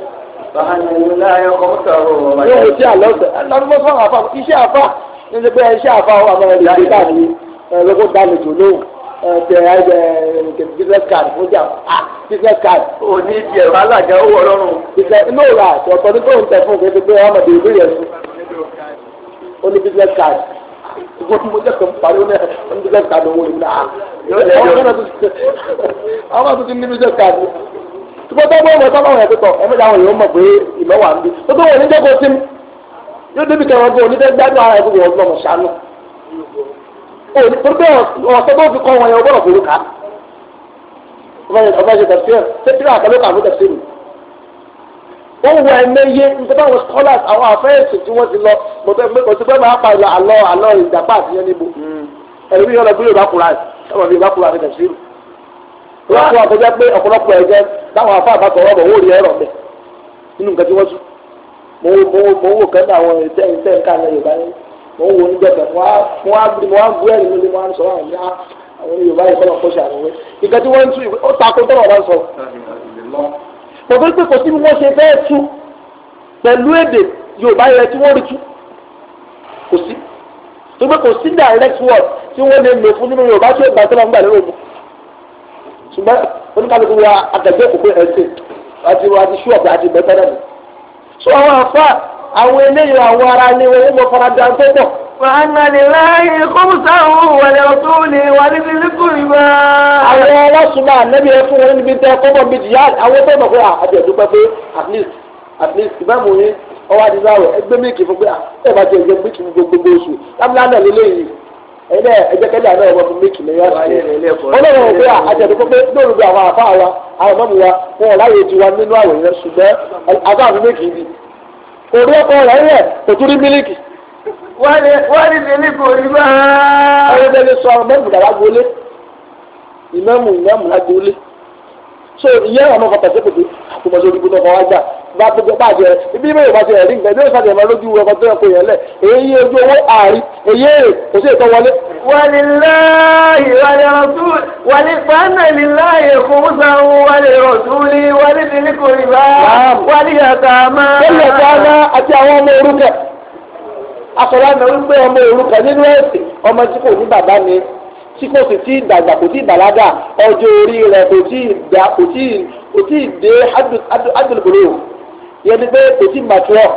fàhàn lillah khumsahu yóò wo tí a lọ́sẹ̀ ẹ̀ lọ́dún fún àfa iṣẹ́ àfa ní ṣe pé iṣẹ́ àfa àwọn àmọ́ ẹ̀ lè gbé káàkiri ẹ̀ lọ́kọ̀ dálejò lóhùn business card fún jà ah business card. o ní ìdí ẹ̀rọ alága ó wọ lọ́rùn. business inú òòlà àti ọ̀pọ̀ ní kóhùn tẹ fún òkèèké pé ọmọdé ìlú yẹn fún. ó ní o card ìgbọ́n tí mo jẹ́ kàn parí ó ní business card owó ìlú náà. ọmọ o ní business card ṣùgbọ́n tó bọ́ ọmọ tó báwọn ẹ̀kọ́ tọ̀ ẹ̀mí làwọn èèyàn mọ̀ pé ìmọ̀ wà ń bí tó tó wọ̀ ní jẹ́kọ̀ọ́ sí mi yóò débi kẹwọn bọ̀ onídẹ́gbẹ́dọ̀ ara ẹ̀kọ́ wọ̀ ọ́ òní torí pé ọ̀sẹ̀ bó fi kọ́ wọn yẹn o gbọ́dọ̀ forúkà ọba ṣe tẹ̀síọ̀ tẹ́tí rà kálókà fún tẹ̀síọ̀ wọ́n wọ ẹ̀mẹ́yẹ nígbà táwọn scholars àwọn àfẹ́yẹ̀sì tí wọ́n ti lọ mọ̀tẹ́gbẹ́ máa pa ìlọ àlọ́ àlọ́ ìjàpá àtìyẹn níbo ẹ̀rí bí yorùbá kura ẹ̀rọ bí yorùbá kura ti tẹ̀síọ̀ wọ́n kó àtọ́já pé ọ̀pọ̀lọpọ̀ ẹ̀jẹ̀ táwọn afá mo ń wo ní gbẹ̀gbẹ̀ mo á gbé ẹ̀rí mi ni mo á sọ àwọn ní àwọn Yorùbá yìí kọ́nà kọ́ṣà àwọn ìwé ìgbà tí wọ́n ń tú ìwé ó ta kó tọ́lọ̀ bá ń sọ. pọ̀tọ́ pé kò sí bí wọ́n ṣe fẹ́ẹ́ tú pẹ̀lú èdè Yorùbá yẹn tí wọ́n rí tú kò sí tó pé kò sí direct word tí wọ́n lè lò fún nínú Yorùbá tí Yorùbá tó máa ń gbà lérò mu ṣùgbọ́n oníkàlùkù wa àgàgbé òkú ẹ̀sìn àti àti ṣúọ̀bù àti ìbẹ́tẹ́rẹ́ mi. sọ àwọn àfáà àwọn eléyìí àwọn ará ni wọ́n mọ̀ farada tó pọ̀. wàhánà ni láàyè kọ́mùsà òun wàlẹ̀ ọ̀tún ni wà ní bí líkù ìgbà. àwọn ọlọ́sùnmọ́ ànábì ẹ fún wọn níbi tẹ kọ́bọ̀ bíi jìyà àwọn tó mọ̀ pé ah, àti ẹ̀dúpẹ́ pé at least at least ìbámu yín ọwọ́ àti sáwọ̀ ẹgbẹ́ méjì fún pé ah, ẹ bá ti ẹ̀jẹ̀ méjì fún gbogbo oṣù lábúlá náà lélẹ́yìn ẹ̀dẹ́ ẹ̀jẹ̀kẹ́lẹ́ àná ọmọ fún méjì lẹ́yìn ọ̀sẹ̀ ọlọ́run ọ̀gbẹ́ àjẹ̀dùkọ́ pé lóòrùn ah, bí àwọn àfa wa àwọn ọmọ mi wa wọn ò láyé tiwa nínú àwòrán ṣùgbọ́n àfa àwọn méjì yìí kò rí ọkọ rẹ̀ rẹ̀ kò tún rí mílíkì. wọ́n ní mílíkì òní bá. ọ̀rẹ́ bẹ́ẹ̀ ni sọ mẹ́mù dàrá gbolé ìmẹ́mù ìmẹ́mù lágbolé so ìyẹn ọ̀nà ọkọ̀ pàṣẹ kòtò tó mọ sórí gbóná kan wá gbà bá gbogbo bá jẹ ibi ìmọ̀ ìwà ti ẹ̀rí nǹkan ní òsàn ìmọ̀ lójú ọkọ̀ tó yẹ kó yẹn lẹ̀ èyí ojú owó àárí èyí èrè kò sí ètò wọlé. wàlíláyì wàlí rọ̀tún wàlí fàánà líláyì kùmùsà wàlí rọ̀tún lí wàlí tìlíkù rìbá wàlí àtàmà. bẹ́ẹ̀ ni ọ̀gá àti àwọn ọmọ orúkọ akọ̀lá náà ń gbé ọmọ orúkọ nínú ẹ̀sìn ọmọ tí kò ní bàbá ni tí kò sì tí dàgbà kò tí bàlágà ọjọ́ orí rẹ̀ kò tí dà kò tí kò tí dé adùlùbùrù yẹn ni pé kò tí màtúrọ̀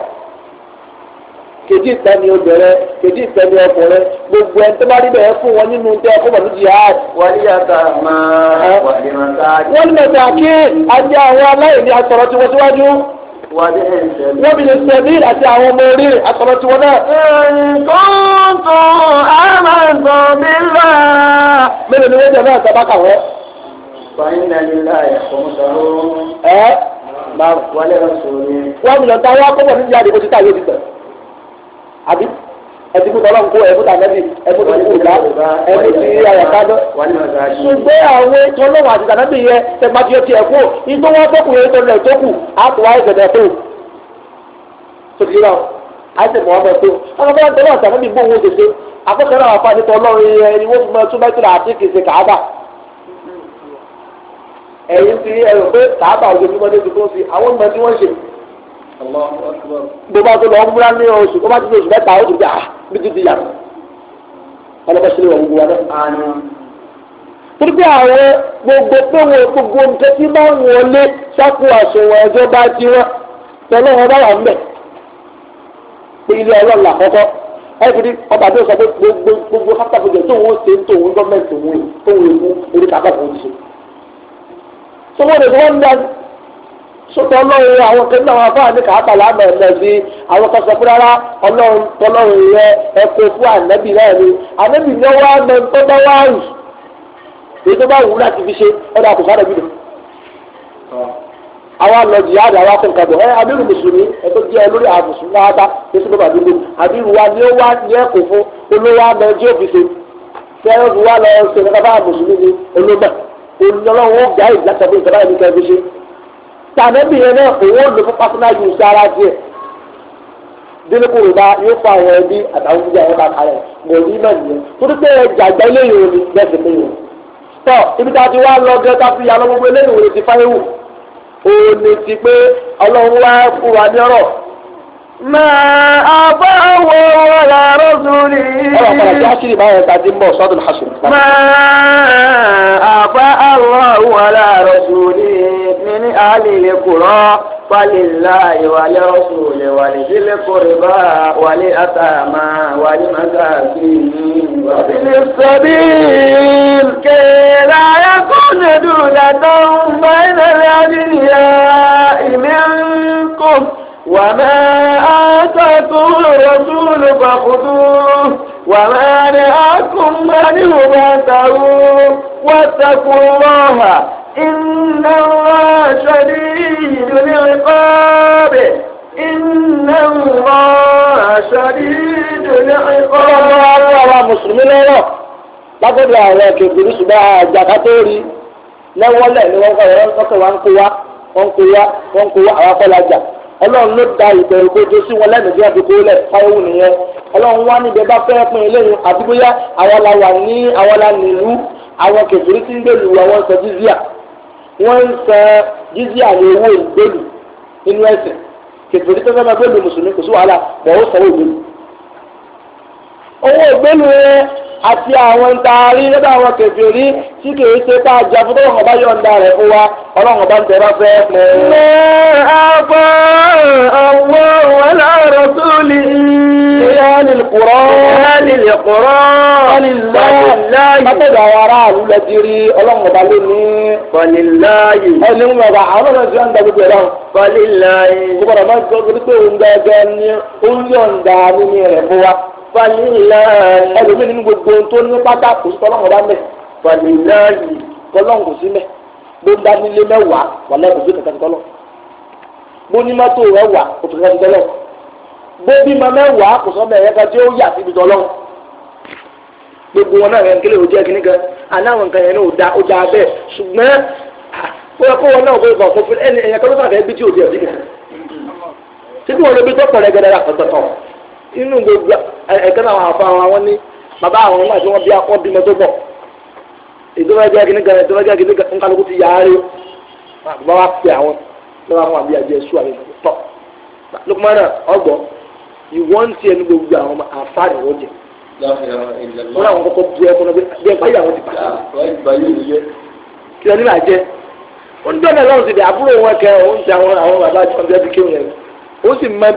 kejì ìtẹni obìnrin kejì ìtẹni ọkùnrin gbogbo ẹni tó bá rí bẹ́ẹ̀ fún wọn nínú tẹ ọkọ pẹ̀lú jihad. wọ́n yàtọ̀ máa wọ́n lè mọ̀ta wọ́n lè mọ̀ta kí ajá àwọn aláìní asọ̀rọ̀ tiwọn síwájú wọ́n bí lè sẹ́bí àti àwọn ọmọ orí rẹ̀ àtọ̀rọ̀ náà. kóńtò àmàǹtò bílà. mélòó ni wọ́n jẹ́ náà sábà kàwọ́. ẹ wọ́n mi lọ ta wá kọ́kọ́ níjà àdìgbò títà yóò ti tẹ̀ ẹtìkú tọ́lọ́mù kó ẹ̀kú tànẹ́bì ẹ̀kú tó kù dá ẹ̀kú tí àyàkájọ́. ṣùgbọ́n àwọn tọ́lọ́mù àti tànẹ́bì yẹ tẹ̀gbájú ti ẹ̀kú igbó wọn tó kù yẹn tó lẹ̀ tó kù àtúwá ìṣẹ̀dẹ̀ tó. sókè náà àìsè mọ́ọ́mọ́ tó ọmọ bá ń tọ́lọ́ àtànẹ́bì gbó owó tètè àkọ́kọ́ náà àfa nípa ọlọ́run ẹni wọ́n fi mọ tún mẹ́tìrì àti kìsì kàábà ẹ̀yìn ti ẹ̀rọ pé kàábà ojoojúmọ́ ní tuntun sí àwọn ọmọ tí wọ́n ṣe. gbogbo àti lọ́ọ́ múra ní oṣù tó bá ti di oṣù mẹ́ta ó ti di àá bíjúdi yà ọlọ́pàá ṣe lè wọ gbogbo wa náà àánú. torí pé àwọn gbogbo pé wọn gbogbo nǹkan tí máa ń wọlé sápò àsùnwọ̀n ẹjọ́ bá ti wọn tẹ̀lé wọn bá wà ń bẹ̀ pé ilé ọlọ́run àkọ́kọ́ ẹ̀fìdí ọba tó sọ pé gbogbo gbogbo kápákọ̀jọ tó wọ́n ṣe ń tó wọ́n gọ́ọ̀mẹ̀ntì òun tó wọ́n èkú orí kápákọ̀ òun ṣe. sọ wọ́n lè fi wọ́n ń sọ́tọ̀ ọlọ́run àwọn kan náà afáà ní kàákà lánàá ẹ̀lẹ́sí àwọn kan sọ fún rárá ọlọ́run tọ́lọ́run rẹ ẹ̀kọ́ fún ànábì náà ni ànábì ní wá mẹ́ tó bá wá rù èyí tó bá wù láti fi ṣe ọ̀dà kò sáré bìdò. àwa lọ jìyà àdá wa fún kàdùn ẹ abirù mùsùlùmí ẹ tó jẹ olórí àwọn mùsùlùmí náà bá tó sì bọ́bà dúró abirù wa ni ó wá ní ẹ̀kọ́ fún olówó àmọ́ tí fi ṣe tí ẹ lọ ṣe tànẹ́bì yẹn náà òun ò lò fún pásínà yìí ṣe ara díẹ̀ délé kò bá yóò fa àwọn ẹbí àtàwọn oúnjẹ àwọn kàkà rẹ̀ mọ̀ ní náà nìyẹn torí pé ẹjà gbẹ́ léyìn òní lẹ́sìn léyìn tọ́ ibi tá a ti wá lọ gẹ́gẹ́ tá fi yà gbogbo léyìn òní ti fáyéwò òní ti pé ọlọ́run wá fún wa ní ọ̀rọ̀. mà á bá wọ ọ̀la rọ́sùlì. ọ̀rọ̀ àpàlà tí aṣírí bá yẹn ta ti ń bọ̀ sọ́dún haṣù. mà á bá wọ ọ̀la rọ́sùlì. من أهل القرى فلله ولرسول ولذي القربى ولأتامى ولمساكين وابن السبيل كي لا يكون دولة بين الأغنياء منكم وما آتاكم الرسول فخذوه وما نهاكم عنه فانتهوا واتقوا الله إن الله شديد العقاب ijò الله شديد العقاب ọlọ́run àwọn mùsùlùmí lọ́rọ̀ látọ̀dọ̀ àwọn kèkèrè ṣùgbọ́n àjàká ni wọ́n kọ́ ọ̀kẹ́ wọ́n kó wa wọ́n kó wa àwọn akọ́lájà ọlọ́run ló da ìbẹ̀rù gbójú sí wọn lẹ́nu bí lẹ̀ fáwọn nìyẹn ọlọ́run wá bá fẹ́ eléyìí àdúgbò yá àwọn wọ́n ń sọ jíjí àwọn owó ìgbèlú nínú ẹ̀sìn kẹfìrí tó fẹ́ máa gbèlú mùsùlùmí kò sí wàhálà bọ̀ ó sọ owó ìgbèlú owó ìgbèlú rẹ̀ àti àwọn ń taari lọ́dọ̀ àwọn kẹfìrí tí kìí ṣe tá a jà fún tọ́lọ́mọ bá yọ̀ǹda rẹ̀ fún wa ọlọ́run bá ń tẹ̀ra fẹ́ pẹ́. Ṣé àbọ̀ ọ̀wọ́ ọ̀làrọ̀ tó lè ṣe àlìkùrọ̀? àlìkùrọ̀ ọ̀lìlá. Látọ̀dọ̀ àwọn aráàlú lọ ti rí ọlọ́run bá lé ní. Fọ̀lìláyì. Ẹni ń wọ̀gbà àwọn ọ̀nà tí ń da gbogbo ẹ̀rọ. Fọ̀lìláyì. Gbogbo ọ̀nà máa ń falilá ẹlòmíì nínú gbogbo tó ní pátá kò sí tọ́lọ́mù bá mẹ́ falilá yìí tọ́lọ́mù kò sí mẹ́ bó ń dání lé mẹ́wàá wà lẹ́yìn òfin kẹta tọ́lọ́ bó ní mọ́tò mẹ́wàá kò tó kẹta tọ́lọ́ bó bímọ mẹ́wàá kò sọ́mọ ẹ̀yẹ́ká tí ó yà síbi tọ́lọ́ gbogbo wọn náà yẹn kílè ó jẹ́ kíní kan àná àwọn nǹkan yẹn náà ó da ó da bẹ́ẹ̀ ṣùgbọ́n ó yẹ kó wọn náà kó ìgbà fún ẹni ẹ̀yẹ kan ló fà fẹ́ bí tí ò di ẹ̀ inú gbogbo ẹ̀kẹ́ náà àwọn àfa àwọn ní bàbá àwọn ọmọ àti wọn bí akọ́ bímọ tó bọ̀ ìdọ́wẹ́jẹ́ kìíní kan ìdọ́wẹ́jẹ́ kìíní kan nkálukú ti yára rí bàbá wa pè àwọn lọ́wọ́ àwọn àbí àjẹ ẹ̀ṣù àbí tọ́ Lukumana ọgbọ́ ìwọ́n ti ẹnu gbogbo àwọn àfa rẹ̀ wọ́n jẹ wọn làwọn kọ́kọ́ bu ẹkún náà bí ẹgbẹ́ yàrá ti bàjẹ́ ah, kí ẹni máa jẹ wọn dọ́nà lọ́wọ́ sí di àbúrò wọn kẹ òun ti àwọn ó sì mọ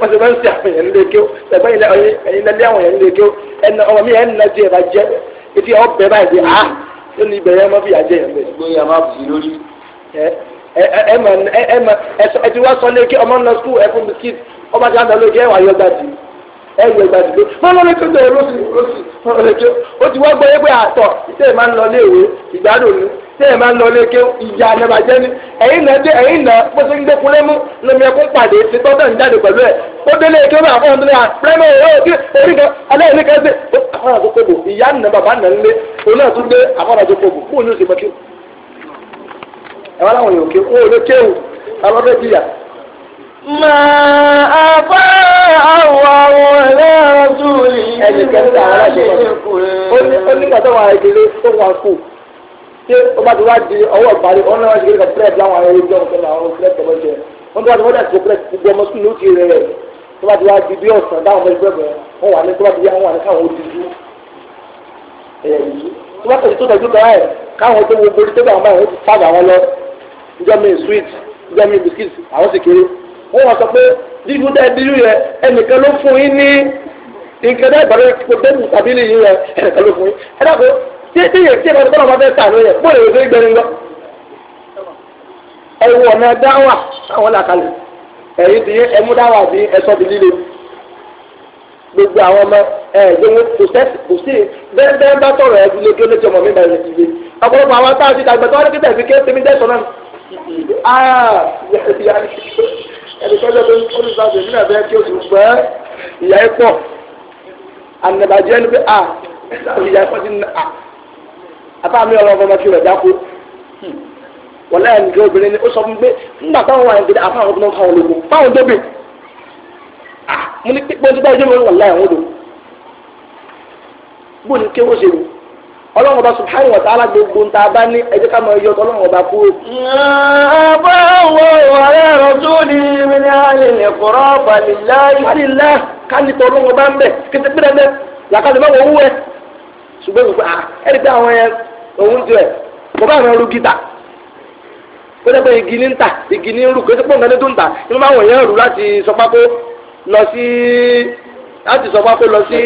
wọ́n ti máa ń ṣe àwọn èèyàn nílé kí ó ẹ̀gbọ́n ẹ̀yin lẹ́lẹ́ àwọn èèyàn nílé kí ó ẹ̀nà ọmọ mi ẹ̀nà jẹ́ ẹ̀bà jẹ́ etí ọ̀ bẹ́ẹ̀ báyìí bí ah ló ní ibẹ̀ yẹn mọ́ fìyà jẹ́ yẹn bẹ́ẹ̀. gbóyè àmà bùsùn lórí. ẹ ẹ mọ ẹ mọ ẹ ti wá sọ lé kí ọmọ náà sùkúù ẹ fún biskit ọba ti àná lókè ẹwà yọ gbàdì ẹ yọ gbàdì pé wọn lọ lẹkọọ bẹ̀rẹ̀ lọsì lọsì ó ti wá gbọ́ yẹ pé àtọ ìtẹ ìmáà tẹ́yìn máa ń lọ ilé ké ìyá àlẹ́bàjẹ́ ni ẹ̀yìn náà dé ẹ̀yìn náà bó ṣe ń gbé kun lẹ́mú lómi ẹkún pàdé ti tọ́jú ń jáde pẹ̀lú ẹ̀ ó délé ké máa fọ́n dúró àpẹẹrẹ ìwé òbí orí kan aláìní kan ṣe àwọn àdókò bò ìyá nà bàbá nà nílé òun náà tún gbé àwọn àdókò bò fún òun ṣe pẹ́ ẹ wá láwọn yòókè wọn lè kéwù alọ́fẹ́ bíyà. mà á fẹ́ àwọn àwọn ẹlẹ́rọ̀ ṣé ó bá ti wá di ọwọ́ ìparí ọ̀nà wọn ṣe kékeré pírẹ́t láwọn ayẹyẹ ìjọ nǹkan náà àwọn pírẹ́t tọ́mọ jẹ wọn tó bá ti wọ́n dàtí pírẹ́t ti gbọmọ sùn ló ti rẹ̀ rẹ̀ tó bá ti wá di bí ọ̀sán dáhùn mọ́ ìgbẹ́ bẹ̀rẹ̀ wọn wà ní tó bá ti yá wọn wà ní káwọn ó ti dú ẹ̀yẹ yìí tó bá tẹ̀sí tó tẹ̀sí kan ẹ̀ káwọn tó wo borí tẹ́lẹ̀ àwọn ti fáàgì àwọn lọ ìjọ mi sweet ìjọ mi biscuit àwọn sì kéré wọn wọ́n sọ pé dídú dá dídú yẹ ẹnìkan ló fún yín ní nǹkan náà ìbàdàn kò dẹ́nu tàbí lè yín yẹ ẹnìkan ló fún yín ẹ dàgbọ́ tí tí yẹ tí ìbáraẹni bọ́lá fẹ́ sàánú yẹ bóyá èso gbẹrin lọ. ẹwọ ọ̀nà dáwà àwọn làkàlẹ̀ ẹ̀yìn ti yẹ ẹmú dáwà bí ẹsọ́ ti líle gbogbo àwọn ọmọ ẹ ẹgbẹ́wọ́n kò sẹ́sì kò sí bẹ́ẹ̀ bẹ́ẹ̀ bá sọ̀rọ̀ ẹbí lójú olójú ọmọ mi bẹ̀rẹ̀ ti le ọ̀pọ̀lọpọ̀ àwọn táwọn ti dàgbẹ̀ tó wá ní kíkẹ́ ìfi kéé tèmi dẹ́sọ̀ náà ẹnìkanjọ́ tó ń kó ní sáfẹ̀ nínú ẹ̀bẹ̀ kí o sì gbẹ́ ìyá ẹ̀ pọ̀ ànàbàjẹ́ ẹni pé à ìyá ẹ̀ pọ̀ ti apá mi ọlọ́wọ́ ọmọ fi rẹ̀ dáko wọ́n náà nìkan obìnrin ni ó sọ fún mi pé nígbà táwọn wà nígbà apá àwọn ọkùnrin káwọn lóko báwọn tóbi mo ní pípọ́n tó dájú mi wọ̀n láì wọ́n bó ni kéwọ́ ṣe lò ọlọ́run ọba subhanahu wa ta'ala gbogbo ń ta bá ní ẹjẹ́ ká máa yọ ọlọ́run ọba kú. àbá wo ọ̀rẹ́ rẹ̀ tó ní ìrìnà àlẹ́ kọ̀rọ̀ balìlá ìfàlìlá kálítọ̀ ọlọ́run ọba ń bẹ̀ kété pé dáadáa làkàtúntà wú ẹ ṣùgbọ́n ìgbà ẹ̀rí pé àwọn ẹ̀ òun tiẹ̀ kò bá àwọn ọrùn gítà kó dẹ́ pé igi ní ń tà igi ní ń rù kó dẹ́ pé òun kan tó ń tà ní wọ́n bá wọ̀nyẹn rù láti sọpákó lọ sí láti sọpákó lọ sí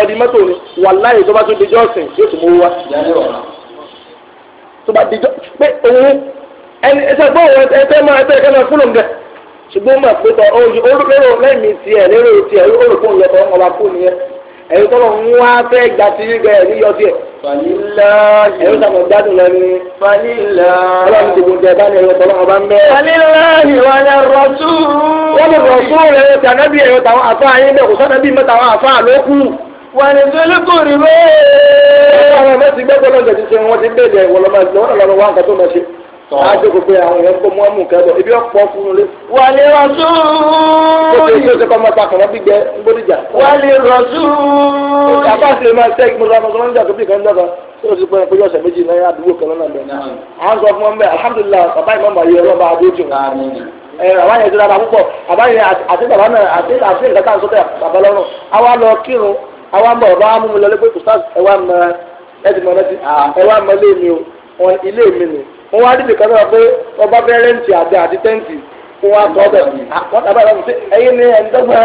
ẹ̀dí mọ́tò ni wàláyé tó bá tó dejọ́ ọ̀sìn yóò tún mú wá tó bá dejọ́ pé òun ẹni ẹsẹ̀ pé òun ẹtẹ́ máa ẹtẹ́ ẹ̀kẹ́ máa fúnlọ̀ ńgẹ ṣùgbọ́n mà pé tọ́ lẹ́yìn tiẹ̀ lérò tiẹ̀ ó rò pé òun lọ ẹ̀yin tọ́lọ̀ ń wá fẹ́ gba ti ní bẹ́ẹ̀ ní yọtí ẹ̀. fanilá yìí ẹ̀yin sàmọ̀ gbádùn lẹ́nu. fanilá ọlọ́run gbogbo jẹ bá ní ẹ̀yọ tọ́lọ́ ọba ń bẹ́ẹ̀. fanilá yìí wà ní rọ̀tú. wọ́n lè rọ̀tú ẹ̀yọ tí anábì ẹ̀yọ tàwọn àfa yín bẹ́ẹ̀ kò sọ́nà bíi mẹ́ta àwọn àfa àlókù. wà ní láti gbogbo àwọn èèyàn kó mọ́ mú kẹ́lọ́ ibi ọ̀pọ̀ fún un lé. wàlẹ̀ rọ̀sùn. kókò yìí ló ṣe kọ́ máa pàkànlọ́ gbígbẹ ńgbódìjà. wàlẹ̀ rọ̀sùn. àbá àti lè máa ṣe ìgbìmọ̀ lọ́wọ́ ọmọ ìjà tó bí kan lọ́kọ̀ tó o ti pẹ́ pé ọ̀sẹ̀ méjì náírà àdúgbò kan lọ́nà bẹ̀rẹ̀. à ń sọ fún wọn bẹ́ẹ̀ alhamdulilayi bàbá ìmọ̀ màá yẹ ọlọ́ba adójú. àbá wọ́n wá dìbò kan náà pé ọba fẹ́ rẹ́ǹtì àti àti tẹ́ǹtì fún wa ah, sọ ọbẹ̀ wọ́n tàbí àbá ṣe ẹyin ní ẹni dọ́gba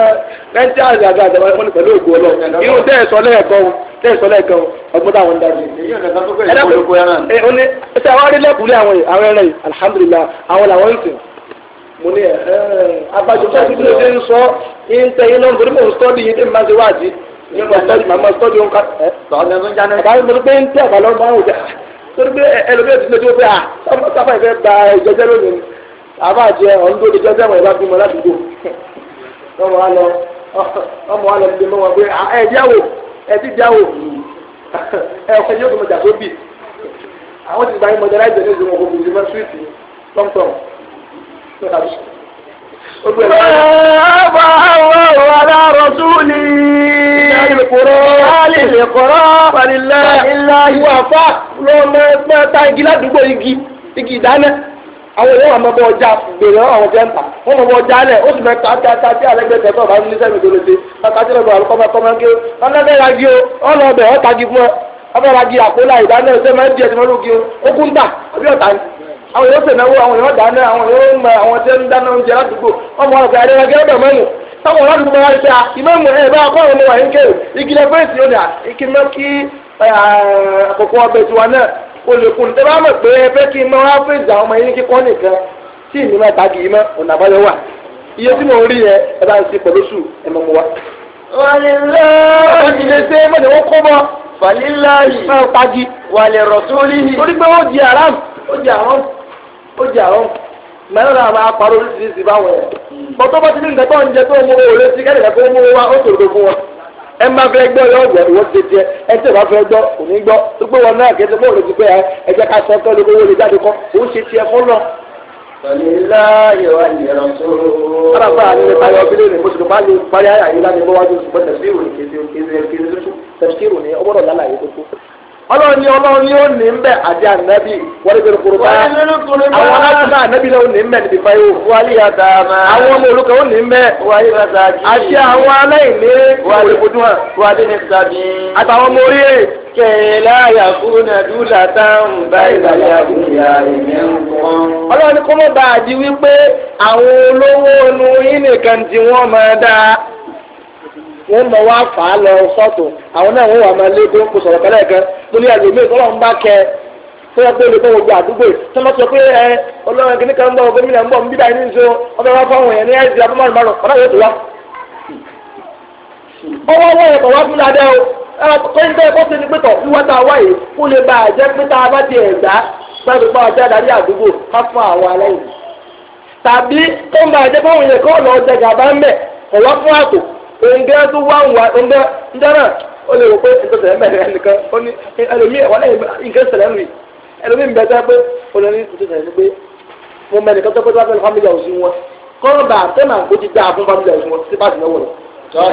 rẹ́ǹtì àti àti àti àbá wọn pẹ̀lú ògùn ọlọ irun tẹ́ ẹ̀ sọ lẹ́ẹ̀kan tẹ́ ẹ̀ sọ lẹ́ẹ̀kan ọgbọ́n táwọn ń dájú. ó ní ṣe àwọn arí lẹ́kùnrin àwọn àwọn ẹran yìí alhamdulillah àwọn làwọn mo ní ẹ abájọ ti tó ti ń sọ yín tẹ yín lọ́nà torí mò ń sọ́ọ́dì yín tí mo máa ṣe wáàdì yín mo sọ́ọ́dì màmá sọ́ọ́dì òun ká ẹ̀. ọ̀gá mi pé ń tẹ́ àbálọ́ máa ń jẹ́ torí pé ẹlòmíràn ti lójú pé à ọmọ sábà ìfẹ́ gba ìjọjẹ́ lónìí ni àbá jẹ ọ̀ndó ni jọjẹ́ ìbá bímọ ládùúgbò ọmọ wa ọmọ wa lọ mọ wọn pé ẹ díàwó ẹ ti díàwó ẹ ọkọ yóò fi mọ jà tó àwọn ti gba ìmọ̀jẹ́ láì tẹ̀lé ìdúró òkú ìdúró síwìtì tọ́mtọ́m Ọba lọ máa ta igi ládùúgbò igi igi ìdáná àwọn èèyàn àmọ́ bọ́ ọjà gbèrè àwọn fẹ́ ń tà wọ́n mọ̀ ọjà lẹ̀ ó sì tó ní kàkà máa wọn náà ragi o gi fún ọ ọbẹ̀ ragi àpòlá ìdáná ẹ̀sẹ̀ máa ń di o àbí ni àwọn èèyàn àwọn èèyàn dáná àwọn èèyàn mọ àwọn tí ń dáná oúnjẹ àkókò ọbẹ̀ tiwa náà ó lè kún un tẹ́ bá mọ̀ pé ẹ fẹ́ kí n mọ áfíríkì àwọn ọmọ yín kíkọ́ nìkan tí ìní máa tagi yìí mọ́ ọ̀nà àbáyọ wà iye tí mò ń rí yẹn ẹ bá ń ṣe pẹ̀lú sùn ẹ mọ̀ mu wa. wàlélá mẹ́rin àwọn apàrọ̀ oríṣiríṣi báwọn ẹ má fẹ́ gbọ́ yọ ọ̀gbọ́ ìwọ ti tiẹ̀ ẹ tẹ̀ bá fẹ́ gbọ́ òní gbọ́ tó gbé wọn náà kẹsẹ̀ bọ́ọ̀lù ti pẹ́ ẹ jẹ́ ká sọ ọ́ tọ́lú owó lè jáde kọ́ òun ṣe tiẹ̀ fún náà. Fẹ̀lélá yóò yẹ ọ̀ṣọ́. Alábà ni Báyọ̀ Bílẹ̀ ni mo ti bá lè parí àyà yìí láti bọ́ wájú ṣùgbọ́n tẹ̀síìrù ni kì í ṣe kì í ṣe kì í ṣe tuntun tẹ̀síìrù ni ọgbọ́dọ̀ lálàyé tuntun ọlọ́run ni ọlọ́run ni ó ní mbẹ́ àti ànábì wọlé gbẹ̀rù kúrú bá àwọn alágbèbá ànábì náà ó ní mbẹ́ níbi fáyọ̀ wálé yàtà máa àwọn ọmọ olùkọ́ ó ní mbẹ́ wálé yàtà jì àti àwọn aláìní wálé fojú hàn wálé ní sàbí àtàwọn ọmọ orí ẹ̀ kẹ̀lá yàkúnà dúlà táwọn báyìí báyìí àbúyá ìmẹ̀ǹkan. ọlọ́run kọ́mọ́ bá a di wípé àwọn olówó inú yín nìkan tí wọ́n máa dáa. wọn mọ wá fà á lọ sọ́ọ̀tù àwọn náà wà máa lé tó ń kó lórí bá kẹ tó gbogbo àdúgbò tó sọ pé ẹ ọlọ́run kìíní kan ń bọ̀ bọ̀ ń ọbẹ̀ wá ní àìsí abúlé márùn márùn ọ̀nà yóò tó wá. ọwọ́ wọ́n yẹ kọ̀ wá fún ládẹ́ o kọ́yìn bẹ́ẹ̀ ní pẹ́tọ̀ wíwá tá a wá yìí kó lè bá a jẹ́ pé bá ti ẹ̀ tàbí tó ń bá òun yẹ kó ń fún àtò oúnjẹ tó wá wà oúnjẹ oúnjẹ náà ó lè rò pé nǹkan ṣẹlẹ̀ mẹ́rin ẹnìkan ó ní ẹlòmíì wà lẹ́yìn nǹkan ṣẹlẹ̀ mi ẹlòmíì bẹ́ẹ̀ sẹ́ pé ó lè ní nǹkan ṣẹlẹ̀ pé mo mẹ́rin kan tó pé tó bá fẹ́ fámìlì àwòsí wọn kọ́nà bá tẹ́nà kó ti dáa fún fámìlì àwòsí wọn sí bá ti lọ́wọ́ ọ̀rọ̀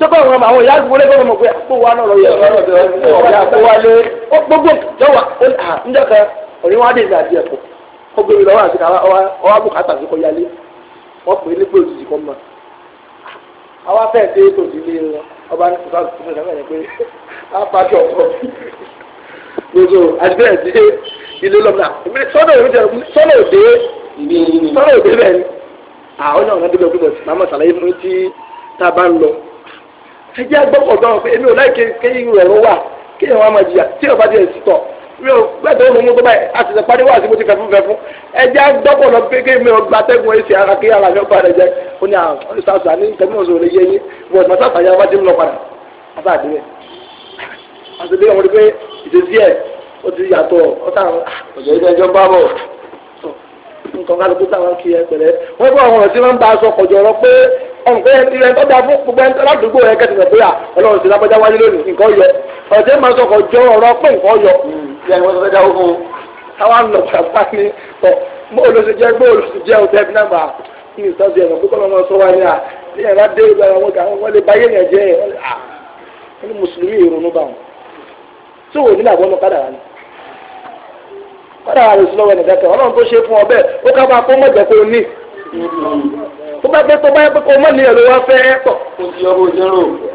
àwọn ìyá àgbò lẹ́gbẹ̀ẹ́ mọ̀ pé àpò wa náà lọ yẹ ọ̀rẹ́ àpò wa lé gbogbo lọ́wọ́ níjọ́ ẹ̀kọ́ ọgbẹ́ mi àti ọwọ́ àbùkátà àti kọ́ yálé wọ́n pè é nígbà òjijì kan mọ́ àwọn afẹ́ ṣe é tòjú ilé wọn ọba ní sọ́sà tó fẹ́ sẹ́fẹ́ pé á pàṣẹ ọ̀pọ̀ gbogbo àti ẹ̀ dé ilé lọ́mọ náà sọ́dọ̀ òde sọ́dọ̀ òde sọ́dọ̀ òde bẹ́ẹ̀ ni ah, àwọn náà wọn débẹ̀ gbọ́dọ̀ màmá sàlàyé fún tí tá a bá ń lọ ẹ jẹ́ agbọ́kọ̀ dán pé èmi ò láì kéyìn rẹ̀ wà kéyìn wọn máa jìyà mi ò gbẹ́dọ̀ ó mú tó báyìí a sì sọ pariwo àti mo ti fẹ̀fún fẹ̀fún ẹja gbọ́pọ̀ lọ pé kí mi ò gba atẹ́gùn èsì ara kí ara mi ò padà jẹ ó ní àwọn ṣàṣà ní nǹkan mìíràn sọ̀rọ̀ yẹ yín wọ́n ti máa sàfàyà wá dé mi lọ padà àbá àdúrà àti bí wọ́n rí pé ìṣesí ẹ̀ ó ti yàtọ̀ ọ̀tá ọ̀jọ̀ ìdájọ́ bá bọ̀ nǹkan kálukú táwọn kì í ẹ pẹ̀lẹ́ wọn bá àwọn ọ̀sìn máa ń bá aṣọ kọjọ lọ pé ọ̀nkẹ́ ìyá ni wọ́n fẹ́ dáwọ́ fún un táwọn lọ sàpá ní ọ olóṣè jẹ́ gbé olóṣè jẹ́ kí ni sọ́ọ̀sì ẹ̀rọ pé kọ́mọ́ sọ wáyé à ní ẹ̀rọ dé ìgbà wọn kà wọ́n lè báyé yẹn jẹ́ à wọ́n ní mùsùlùmí ìrònú bá wọn tí wò nílà wọn kádà wà ní. kádà wà ní sùlọ́wọ́ ẹ̀nì dákẹ́ ọlọ́run tó ṣe fún ọ bẹ́ẹ̀ ó ká máa kó mọ̀jẹ̀ kó ní. tó bá gbé tó bá yẹ pé kó mọ̀ ní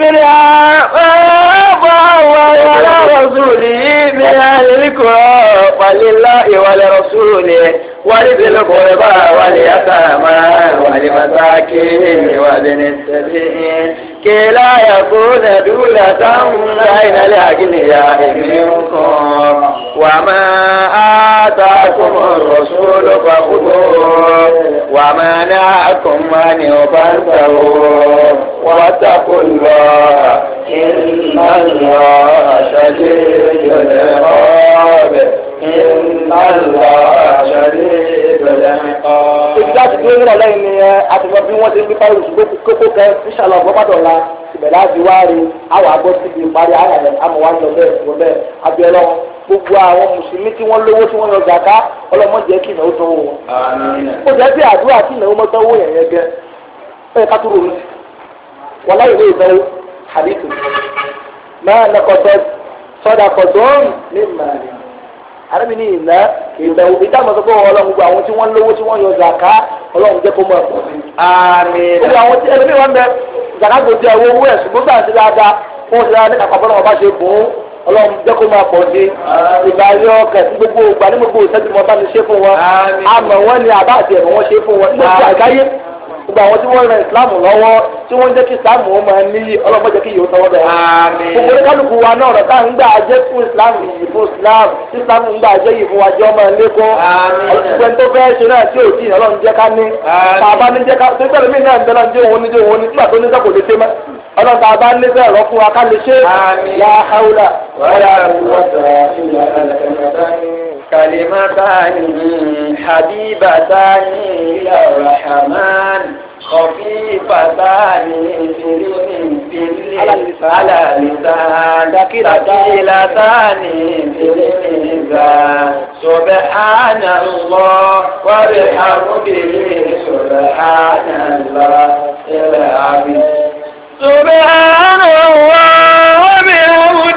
فرعاب وعلى رسوله من أهل القرى ولله ولرسوله ولذي القربى واليتامى والمساكين وابن السبيل كي لا يكون دولة بين الأغنياء منكم وما آتاكم الرسول فخذوه وما نهاكم عنه فانتهوا واتقوا الله إن الله شديد العقاب إن الله شديد العقاب. Ìgbà tí ó ń rọ̀ lẹ́yìn ni àtìmọ́ bí wọ́n ti ń gbé pariwo ṣùgbọ́n kókó kan fíṣàlọ́ ọ̀gbọ́n bàdàn wa ìbẹ̀lẹ̀ àdìwárí àwọn àgbọ̀ síbi àyàlẹ̀ amọ̀wájọ bẹ́ẹ̀ wọ bẹ́ẹ̀ abiola gbogbo àwọn mùsùlùmí tí wọ́n lówó tí wọ́n yọ gàká ọlọ́mọdé kí ìnáwó tó wọ̀. ó jẹ́ bí àdúrà tí ìnáwó mọ́tò owó yẹn yẹn gẹ́ ẹ̀ ká tó rò wọ́n láyé ìwé ìnáwó àdìsù náà nàkọ̀tọ̀ sọ́dà kọ̀tọ̀ ní màálí ìbẹ̀wò bíi táwọn sọ pé ọlọ́run gba àwọn tí wọ́n lówó tí wọ́n yọ zàká ọlọ́run jẹ́ kó mọ̀ ẹ̀kọ́. àmín. àwọn tí ẹlẹ́mìí wọn bẹ zàká kò jẹ owó owó ẹ̀sùn gbogbo àti dáadáa fún òṣèlú ní kàkà bọ́lá wọn ṣe bùn ún ọlọ́run jẹ́ kó máa pọ̀ sí i. kẹ̀sí gbogbo ìgbà ní gbogbo gbogbo àwọn tí wọ́n ran islam lọ́wọ́ tí wọ́n jẹ́ kí islam ó máa níyì ọlọ́mọdé kí yóò tọwọ́ bẹ̀rẹ̀. gbogbo ní kálukú wa náà rẹ̀ táà ń gbà jẹ́ fún islam yìí fún islam tí islam ń gbà jẹ́ yìí fún wa jẹ́ ọmọ ẹlẹ́kọ́. ọ̀sùnkú ẹni tó fẹ́ ṣe náà tí ò tí ìyẹn ọlọ́run jẹ́ ká ní. bàbá ní jẹ́ ká tó gbẹ̀rẹ̀ mí náà ń bẹ ọlọ́run tá a bá ń lébẹ̀ ọ̀rọ̀ fún wa ká lè ṣe la haula wala quwwata illa kalimatani habibatani ila rahman خفيفتان في اللسان ثقيلتان في الميزان سبحان الله وبحمده سبحان الله العظيم سبحان الله